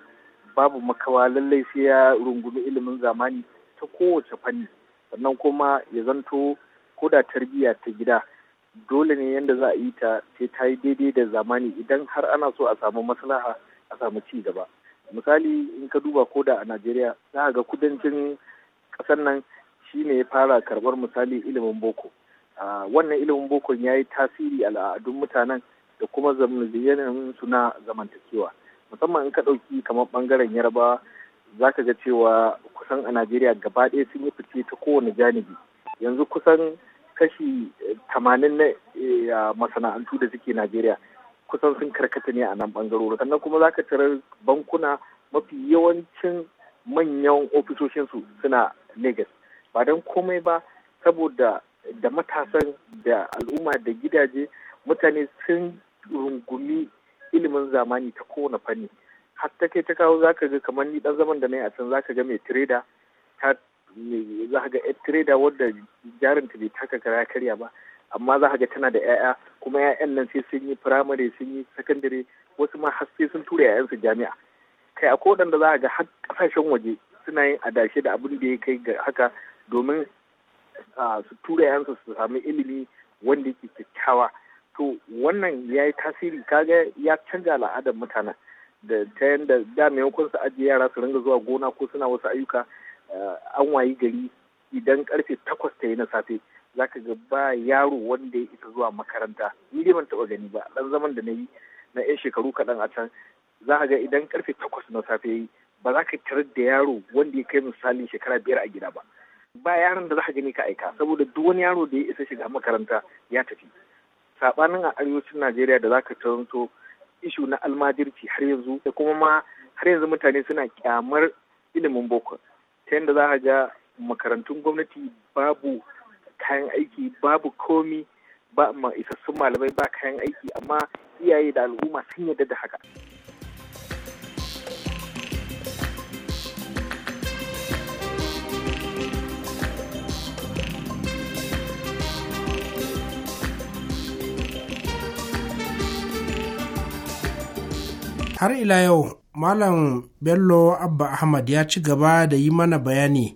babu makawa lallai sai ya rungumi ilimin zamani ta kowace fanni sannan kuma ya zanto ko da tarbiyya ta gida dole ne yadda za a yi ta sai ta yi daidai da zamani idan har ana so a samu maslaha a samu ci gaba misali in ka duba ko da a najeriya za ga kudancin ƙasar nan shine ya fara karɓar misali ilimin boko wannan ilimin bokon ya yi tasiri al'adun mutanen da kuma yanayin su na zamantakewa musamman in ka ɗauki kamar ɓangaren yarba za ka ga cewa kusan a najeriya gaba ɗaya sun yi fice ta kowane janibi yanzu kusan kashi eh, tamanin na eh, masana'antu da suke Najeriya kusan sun karkata ne a nan bangarori sannan kuma zaka tarar bankuna mafi yawancin manyan ofisoshinsu suna Legas ba don komai ba saboda da matasan da al'umma da gidaje mutane sun rungumi ilimin zamani ta kowane fanni har ta kai ta kawo zaka ga kamar ni dan zaman da na yi a can zaka ga mai tireda ta za ka ga yar tireda wadda jarinta bai taka kara karya ba amma za ka ga tana da 'ya'ya kuma 'ya'yan nan sai sun yi firamare sun yi sakandare wasu ma har sai sun tura 'ya'yansu jami'a kai a kodan da za ka ga har kasashen waje suna yin adashe da abin da ya kai ga haka domin su tura 'ya'yansu su sami ilimi wanda yake kyakkyawa to wannan ya yi tasiri kaga ya canza al'adar mutanen da ta yadda da maimakon su ajiye yara su ringa zuwa gona ko suna wasu ayyuka Eh, an wayi gari idan karfe takwas ta yi na safe za ka ga ba yaro wanda ya isa zuwa makaranta ni dai ban taɓa gani ba ɗan zaman da na yi na 'yan shekaru kaɗan a can za ka ga idan karfe takwas na safe yi ba za ka tarar da yaro wanda ya kai misalin shekara biyar a gida ba ba yaron da za ka gani ka aika saboda duk wani yaro da ya isa shiga makaranta ya tafi saɓanin a arewacin najeriya da za ka taranto ishu na almajirci har yanzu da kuma ma har yanzu mutane suna kyamar ilimin boko ta yadda za a ga makarantun gwamnati babu kayan aiki babu komi ba ma isassun malamai ba kayan aiki amma iyaye da al'umma sun yarda da haka har ila yau Malam Bello Abba Ahmad ya ci gaba da yi mana bayani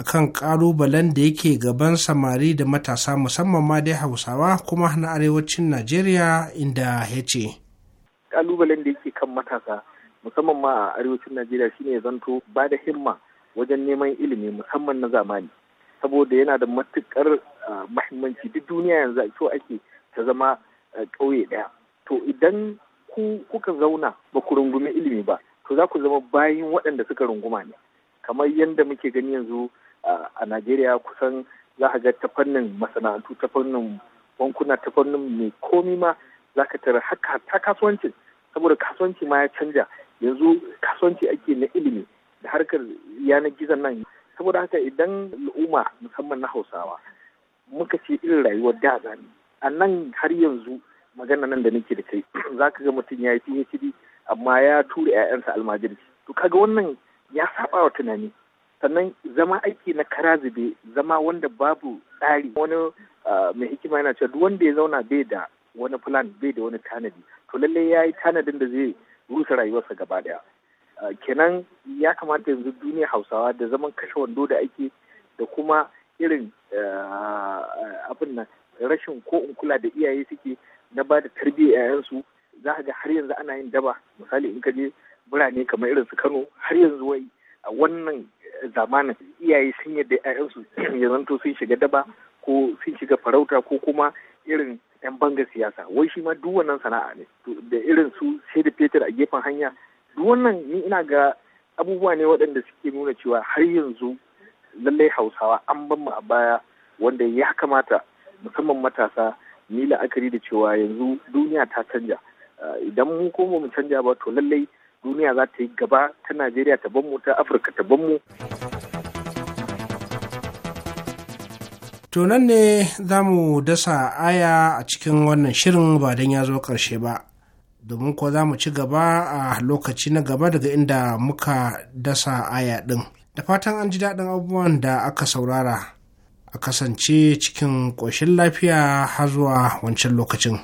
akan ƙalubalen da yake gaban samari da matasa musamman ma dai Hausawa kuma na arewacin Najeriya inda ya ce. Ƙalubalen da yake kan matasa musamman ma a arewacin Najeriya shine zanto ba da himma wajen neman ilimi musamman na zamani saboda yana da matuƙar mahimmanci duk duniya yanzu ake ta zama ƙauye ɗaya. To idan ku kuka zauna ba ku rungumi ilimi ba to za ku zama bayan waɗanda suka runguma ne kamar yadda muke gani yanzu a najeriya kusan za ka ga ta fannin masana'antu ta fannin bankuna ta fannin mai komi ma za ka tara haka ta kasuwancin saboda kasuwanci ma ya canja yanzu kasuwanci ake na ilimi da harkar yanar gizon nan saboda haka idan al'umma musamman na hausawa muka ce irin rayuwar da a nan har yanzu magana nan da nake da kai za ka ga mutum ya yi PhD amma ya tura 'ya'yansa almajirci to kaga wannan ya saba wa tunani sannan zama aiki na kara zube zama wanda babu tsari wani mai hikima yana cewa duk wanda ya zauna bai da wani plan bai da wani tanadi to lallai ya yi tanadin da zai rusa rayuwarsa gaba daya kenan ya kamata yanzu duniya hausawa da zaman kashe wando da ake da kuma irin abin nan rashin ko in kula da iyaye suke na ba da tarbiyyar 'ya'yansu za a ga har yanzu ana yin daba misali in ka je birane kamar irin su kano har yanzu wai a wannan zamanin iyaye sun yadda 'ya'yansu ya zanto sun shiga daba ko sun shiga farauta ko kuma irin 'yan banga siyasa wai shi ma duk wannan sana'a ne da irin su sai da fetur a gefen hanya duk wannan ni ina ga abubuwa ne waɗanda suke nuna cewa har yanzu lallai hausawa an ban mu a baya wanda ya kamata musamman matasa ni la'akari da cewa yanzu duniya ta canja eh, idan mu ko mu canja ba to lallai duniya za ta yi gaba ta najeriya ta banmu ta afirka ta banmu To nan ne za mu dasa aya a cikin wannan shirin ba don ya zo ƙarshe ba, domin kuwa za mu ci gaba a lokaci na gaba daga inda muka dasa aya ɗin. Da fatan an ji daɗin abubuwan da aka saurara. a kasance cikin ƙoshin lafiya har zuwa wancan lokacin.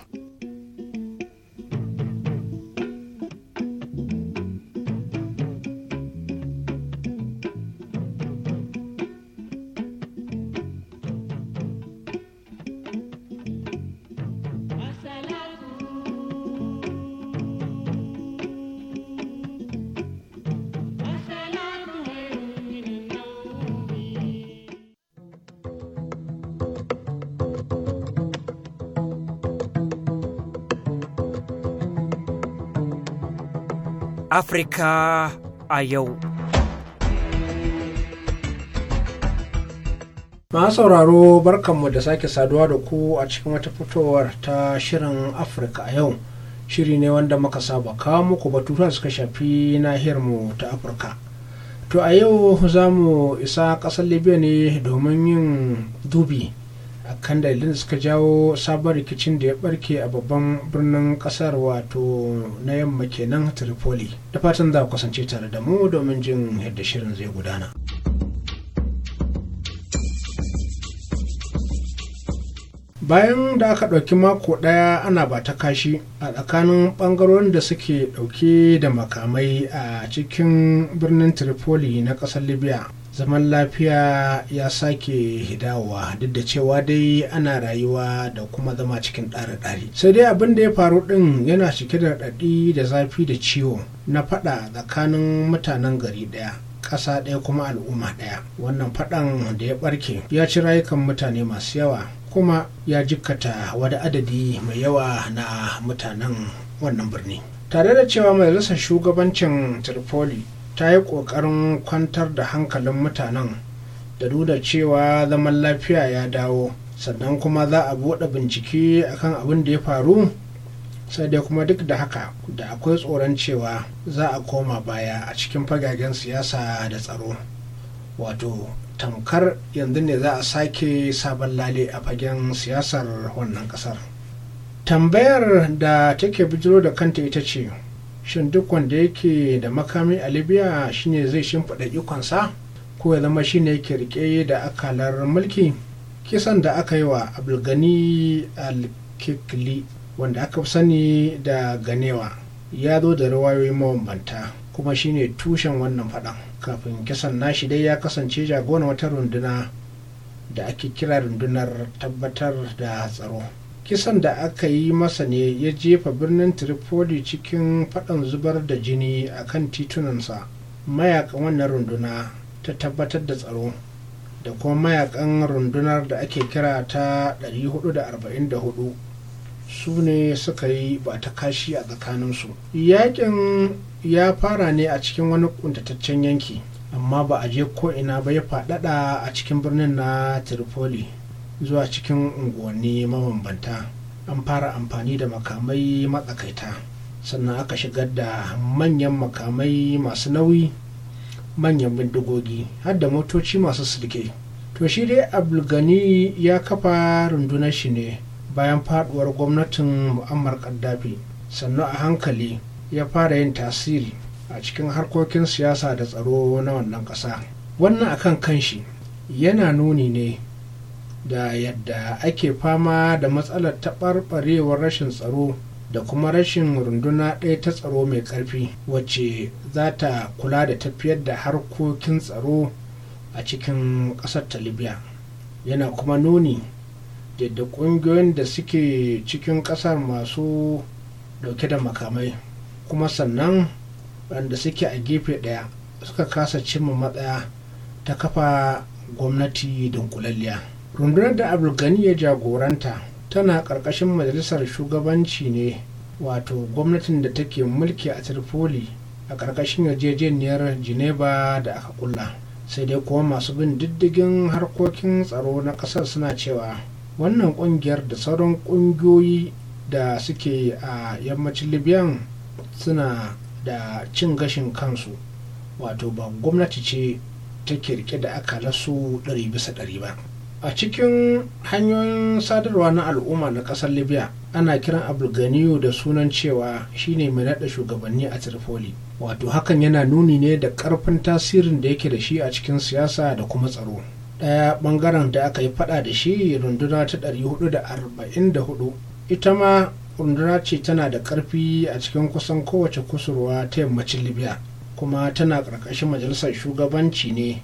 Afirka a yau. Masu sauraro barkanmu da sake saduwa da ku a cikin wata fitowar ta shirin Afirka a yau. Shiri ne wanda muka saba kawo muku batutuwa suka shafi nahiyar mu ta Afirka. To a yau za mu isa ƙasar Libya ne domin yin dubi. kan dalilin da suka jawo sabon rikicin da ya barke a babban birnin kasar wato na yamma kenan tripoli da fatan za kasance tare da mu domin jin yadda shirin zai gudana bayan da aka ɗauki mako ɗaya ana ba ta kashi a tsakanin ɓangarorin da suke ɗauke da makamai a cikin birnin tripoli na ƙasar libya zaman lafiya ya sake hidawa duk da cewa dai ana rayuwa da kuma zama cikin ɗari ɗari sai dai abin da ya faru ɗin yana cike da raɗaɗi da zafi da ciwo na faɗa tsakanin mutanen gari ɗaya ƙasa ɗaya kuma al'umma ɗaya wannan faɗan da ya ɓarke ya ci rayukan mutane masu yawa kuma ya jikkata wani adadi mai yawa na mutanen wannan birni tare da cewa majalisar shugabancin tripoli ta yi ƙoƙarin kwantar da hankalin mutanen da duda cewa zaman lafiya ya dawo sannan kuma za a buɗe bincike akan abin da ya faru sai dai kuma duk da haka da akwai tsoron cewa za a koma baya a cikin fagagen siyasa da tsaro wato tamkar yanzu ne za a sake sabon lale a fagen siyasar wannan kasar tambayar da take bijiro da kanta ita ce shin duk wanda yake da makami a libya shine zai shimfiɗa ikonsa ko ya zama shine yake rike da akalar mulki kisan da aka yi wa abulgani alkikli wanda aka fi sani da ganewa ya zo da rawayoyi mabambanta kuma shine tushen wannan faɗan kafin kisan nashi dai ya kasance jagoran wata runduna da ake kira rundunar tabbatar da tsaro kisan da aka yi masa ne ya jefa birnin tripoli cikin faɗan zubar da jini a kan titunansa mayakan wannan runduna ta tabbatar da tsaro da kuma mayakan rundunar da ake kira ta 444 su ne suka yi ba ta kashi a tsakaninsu yakin ya fara ne a cikin wani kuntataccen yanki amma ba a je ko'ina ba ya faɗaɗa a cikin birnin na tripoli zuwa cikin unguwanni mabambanta an fara amfani da makamai matsakaita sannan aka shigar da manyan makamai masu nauyi manyan bindigogi har da motoci masu silke to shi dai abulgani ya kafa rundunar shi ne bayan faduwar gwamnatin mu'ammar kaddafi sannan a hankali ya fara yin tasiri a cikin harkokin siyasa da tsaro na wannan ƙasa wannan akan kanshi yana nuni ne da yadda ake fama da matsalar taɓarɓarewar rashin tsaro da kuma rashin runduna ɗaya ta tsaro mai ƙarfi wacce za ta kula da tafiyar da harkokin tsaro a cikin ƙasar ta libya yana kuma nuni yadda ƙungiyoyin da suke cikin ƙasar masu ɗauke da makamai kuma sannan waɗanda suke a gefe ɗaya suka kasa cimma matsaya ta kafa gwamnati dunkulalliya. rundunar da abulgani ya jagoranta tana ƙarƙashin majalisar shugabanci ne wato gwamnatin da take mulki a tripoli a ƙarƙashin yarjejeniyar geneva da aka kulla sai dai kuma masu bin diddigin harkokin tsaro na ƙasar suna cewa wannan ƙungiyar da sauran ƙungiyoyi da suke a yammacin libyan suna da cin gashin kansu wato ba gwamnati ce take kirke da aka lasu ɗari bisa ɗari ba a cikin hanyoyin sadarwa na al'umma na kasar libya ana kiran abulganiyo da sunan cewa shine mai naɗa shugabanni a tripoli wato hakan yana nuni ne da ƙarfin tasirin da yake da shi a cikin siyasa da kuma tsaro ɗaya ɓangaren da aka yi faɗa da shi runduna ta hudu, ita ma runduna ce tana da ƙarfi a cikin kusan kowace kusurwa ta yammacin libya kuma tana ƙarƙashin majalisar shugabanci ne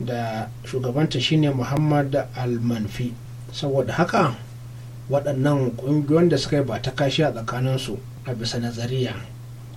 da shugabanta shine muhammad almanfi saboda haka waɗannan ƙungiyoyin da suka yi ba ta kashi a tsakaninsu a bisa nazariya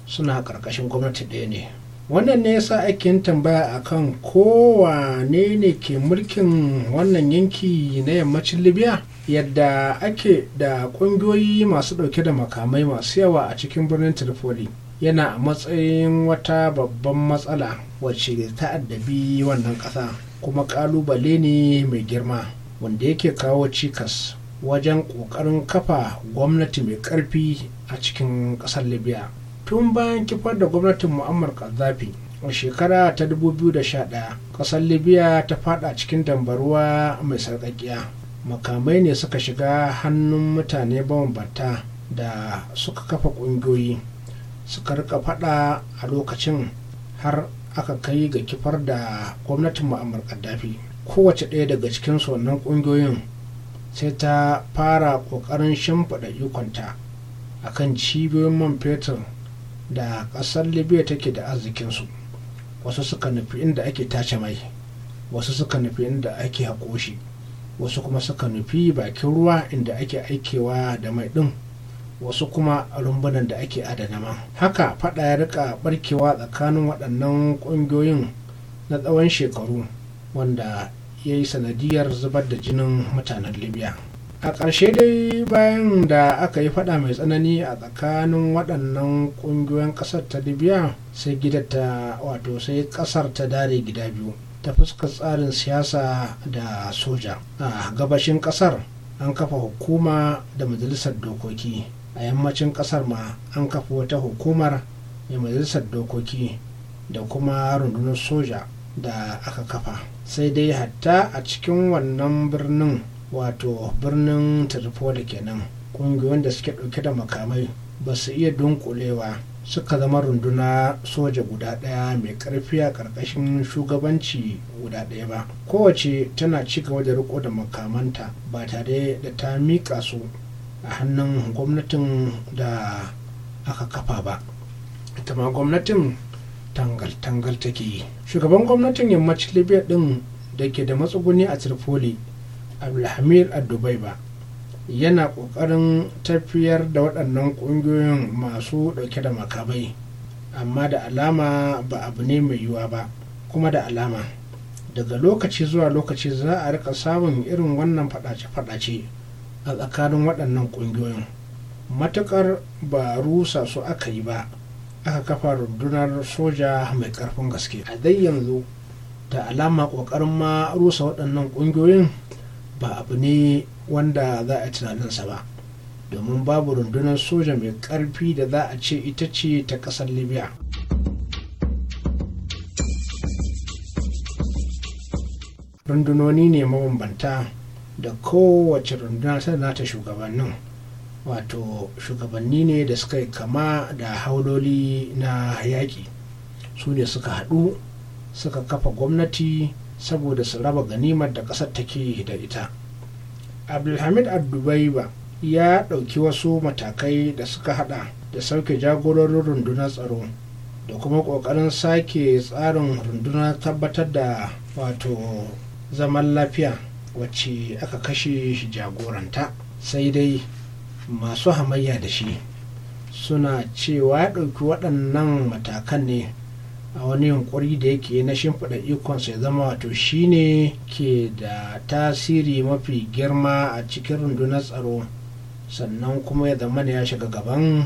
suna ƙarƙashin gwamnati ɗaya ne wannan ne yasa ake yin tambaya akan kowane ne ke mulkin wannan yanki na yammacin libya yadda ake da ƙungiyoyi masu ɗauke da makamai masu yawa a cikin birnin tripoli yana a matsayin wata babban matsala wacce ta addabi wannan ƙasa kuma ƙalubale ne mai girma wanda yake kawo cikas wajen ƙoƙarin kafa gwamnati mai ƙarfi a cikin ƙasar libya tun bayan kifar da gwamnatin mu'ammar gaddafi a shekara ta 2011 ƙasar libya ta fada cikin dambaruwa mai sarƙaƙiya makamai ne suka shiga hannun mutane mabambanta da suka kafa ƙungiyoyi suka rika fada a lokacin har aka kai ga kifar da gwamnatin ma'amar kaddafi kowace ɗaya daga cikin wannan ƙungiyoyin sai ta fara ƙoƙarin shimfiɗa ikonta a kan cibiyoyin man fetur da ƙasar libya take da arzikinsu wasu suka nufi inda ake tace mai wasu suka nufi inda ake haƙo shi wasu kuma suka nufi bakin ruwa inda ake aikewa da mai ɗin wasu kuma a rumbunan da ake adana ma haka fada ya rika barkewa tsakanin waɗannan ƙungiyoyin na tsawon shekaru wanda ya yi sanadiyar zubar da jinin mutanen libya a ƙarshe dai bayan da aka yi fada mai tsanani a tsakanin waɗannan ƙungiyoyin ƙasar ta libya sai ta wato sai ƙasar ta dare gida biyu ta fuska tsarin siyasa da soja a gabashin ƙasar an kafa hukuma da majalisar dokoki a yammacin kasar ma an kafa wata hukumar ya majalisar dokoki da kuma rundunar soja da aka kafa sai dai hatta a cikin wannan birnin wato birnin tripoli kenan ƙungiyoyin da suke ɗauke da makamai ba su iya dunkulewa suka zama runduna soja guda ɗaya mai ƙarfi a ƙarƙashin shugabanci guda ɗaya ba kowace tana ci gaba da riko da makamanta ba tare da ta miƙa su a hannun gwamnatin da aka kafa ba ita ma gwamnatin tangal-tangal take yi shugaban gwamnatin yammacin libya din da ke da matsuguni a tripoli abdulhamir dubai ba yana kokarin tafiyar da waɗannan ƙungiyoyin masu ɗauke da makamai, amma da alama ba abu ne mai yiwuwa ba kuma da alama daga lokaci zuwa lokaci za a rika samun irin wannan faɗace-faɗace a tsakanin waɗannan ƙungiyoyin matuƙar ba rusa su aka yi ba aka kafa rundunar soja mai ƙarfin gaske a dai yanzu da alama ƙoƙarin ma rusa waɗannan ƙungiyoyin ba abu ne wanda za a tunaninsa ba domin babu rundunar soja mai ƙarfi da za a ce ita ce ta ƙasar libya rundunoni ne mabambanta da kowace runduna ta nata shugabannin wato shugabanni ne da suka yi kama da hauloli na yaƙi su ne suka haɗu suka kafa gwamnati saboda su raba ganimar da ƙasar take da ita abdulhamid abdubaiba ya ɗauki wasu matakai da suka haɗa da sauke jagororin rundunar tsaro da kuma ƙoƙarin sake tsarin rundunar tabbatar da wato zaman lafiya wacce aka kashe shi jagoranta sai dai masu hamayya da shi suna cewa ya ɗauki waɗannan matakan ne a wani yunkuri da yake na shimfiɗa ikon sai zama wato shine ke da tasiri mafi girma a cikin rundunar tsaro sannan kuma ya zama ya shiga gaban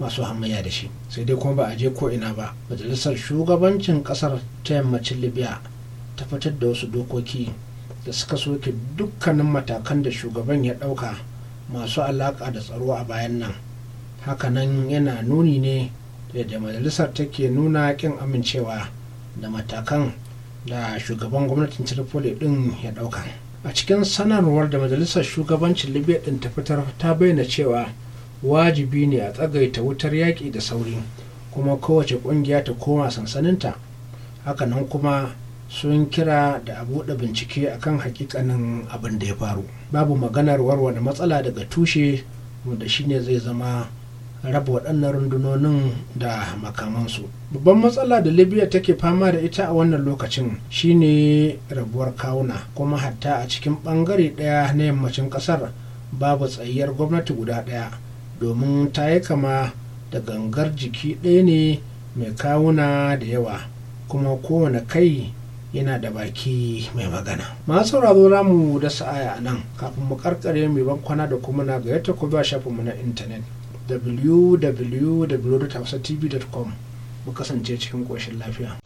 masu hamayya da shi sai dai kuma ba a je ko'ina ba majalisar shugabancin kasar ta yammacin libya ta fitar da wasu dokoki da suka soke dukkanin matakan da shugaban ya ɗauka masu alaƙa da tsaro a bayan nan hakanan yana nuni ne da majalisar take nuna kin amincewa da matakan da shugaban gwamnatin tripoli ɗin ya ɗauka a cikin sanarwar da majalisar shugabancin libya ɗin ta fitar ta bayyana cewa wajibi ne a tsagaita wutar yaƙi da sauri kuma kowace ƙungiya ta koma sansaninta hakanan kuma sun kira da a buɗe bincike akan hakikanin abin da ya faru babu maganar warware matsala daga tushe wanda shine zai zama raba waɗannan rundunonin da makamansu babban matsala da libya take fama da ita a wannan lokacin shine rabuwar kawuna kuma hatta a cikin ɓangare ɗaya na yammacin ƙasar babu tsayayyar gwamnati guda ɗaya domin ta yi kama da gangar jiki ɗaya ne mai kawuna da yawa kuma kowane kai yana da baki mai magana masu sauraro za mu da sa'aya a nan kafin mu karkare mai bankwana da kuma na ga yadda kuma shafin mu na intanet www.tv.com mu kasance cikin koshin lafiya.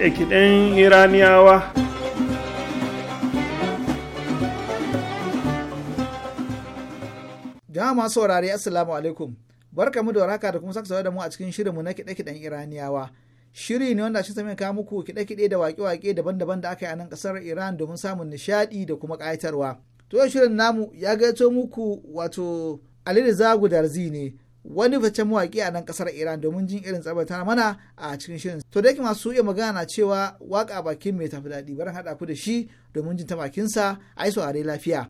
kiɗe-kiɗen iraniyawa jama'a masu saurare assalamu alaikum barka mu da waraka da kuma saka da mu a cikin shirinmu na kiɗe-kiɗen iraniyawa shiri ne wanda shi samin kawo muku kiɗe-kiɗe da waƙe-waƙe daban-daban da aka yi a nan ƙasar iran domin samun nishaɗi da kuma ƙayatarwa to shirin namu ya gaito muku wato ali da zagu darzi ne wani fice mawaƙi a nan ƙasar iran domin jin irin tsabatar mana a cikin shirin to da yake masu iya magana na cewa waƙa bakin mai tafi daɗi bari haɗa ku da shi domin jin ta bakinsa a yi saurare lafiya.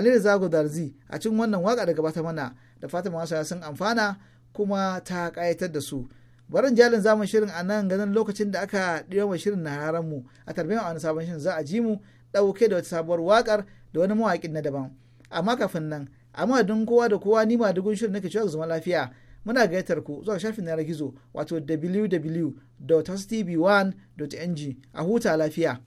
Ali zago Darzi a cikin wannan waka da gabata mana da fatan masu sun amfana kuma ta kayatar da su. Barin jalin zamun shirin a nan ganin lokacin da aka ɗiyo wa shirin na haran mu a tarbiyyar wani sabon shirin za a ji mu ɗauke da wata sabuwar wakar da wani mawaƙin na daban. Amma kafin nan, amma don kowa da kowa ni ma shirin nake cewa zama lafiya. muna gayyatar ku zuwa shafin yanar gizo wato wwwtv 1ng a huta lafiya.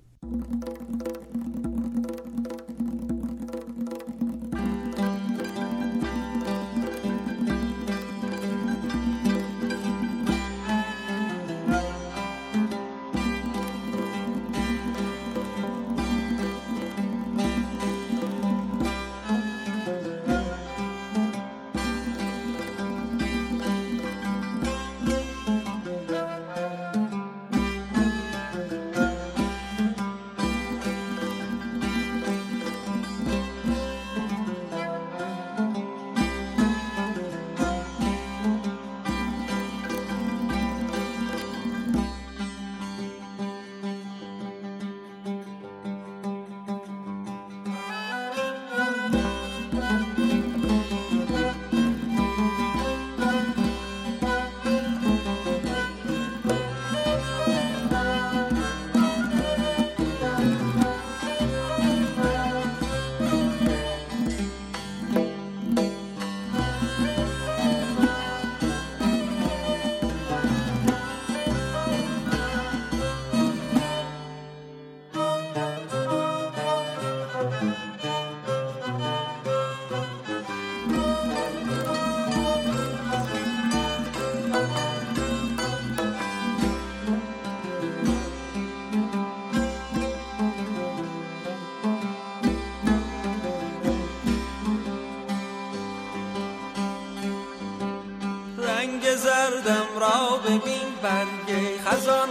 as I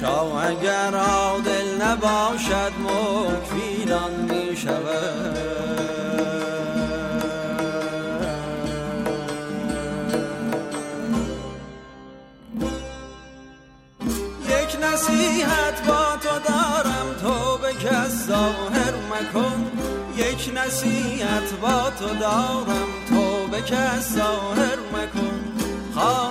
شاه اگر عادل نباشد مکفیدان می شود یک نصیحت با تو دارم تو به کس ظاهر مکن یک نصیحت با تو دارم تو به کس ظاهر مکن خواه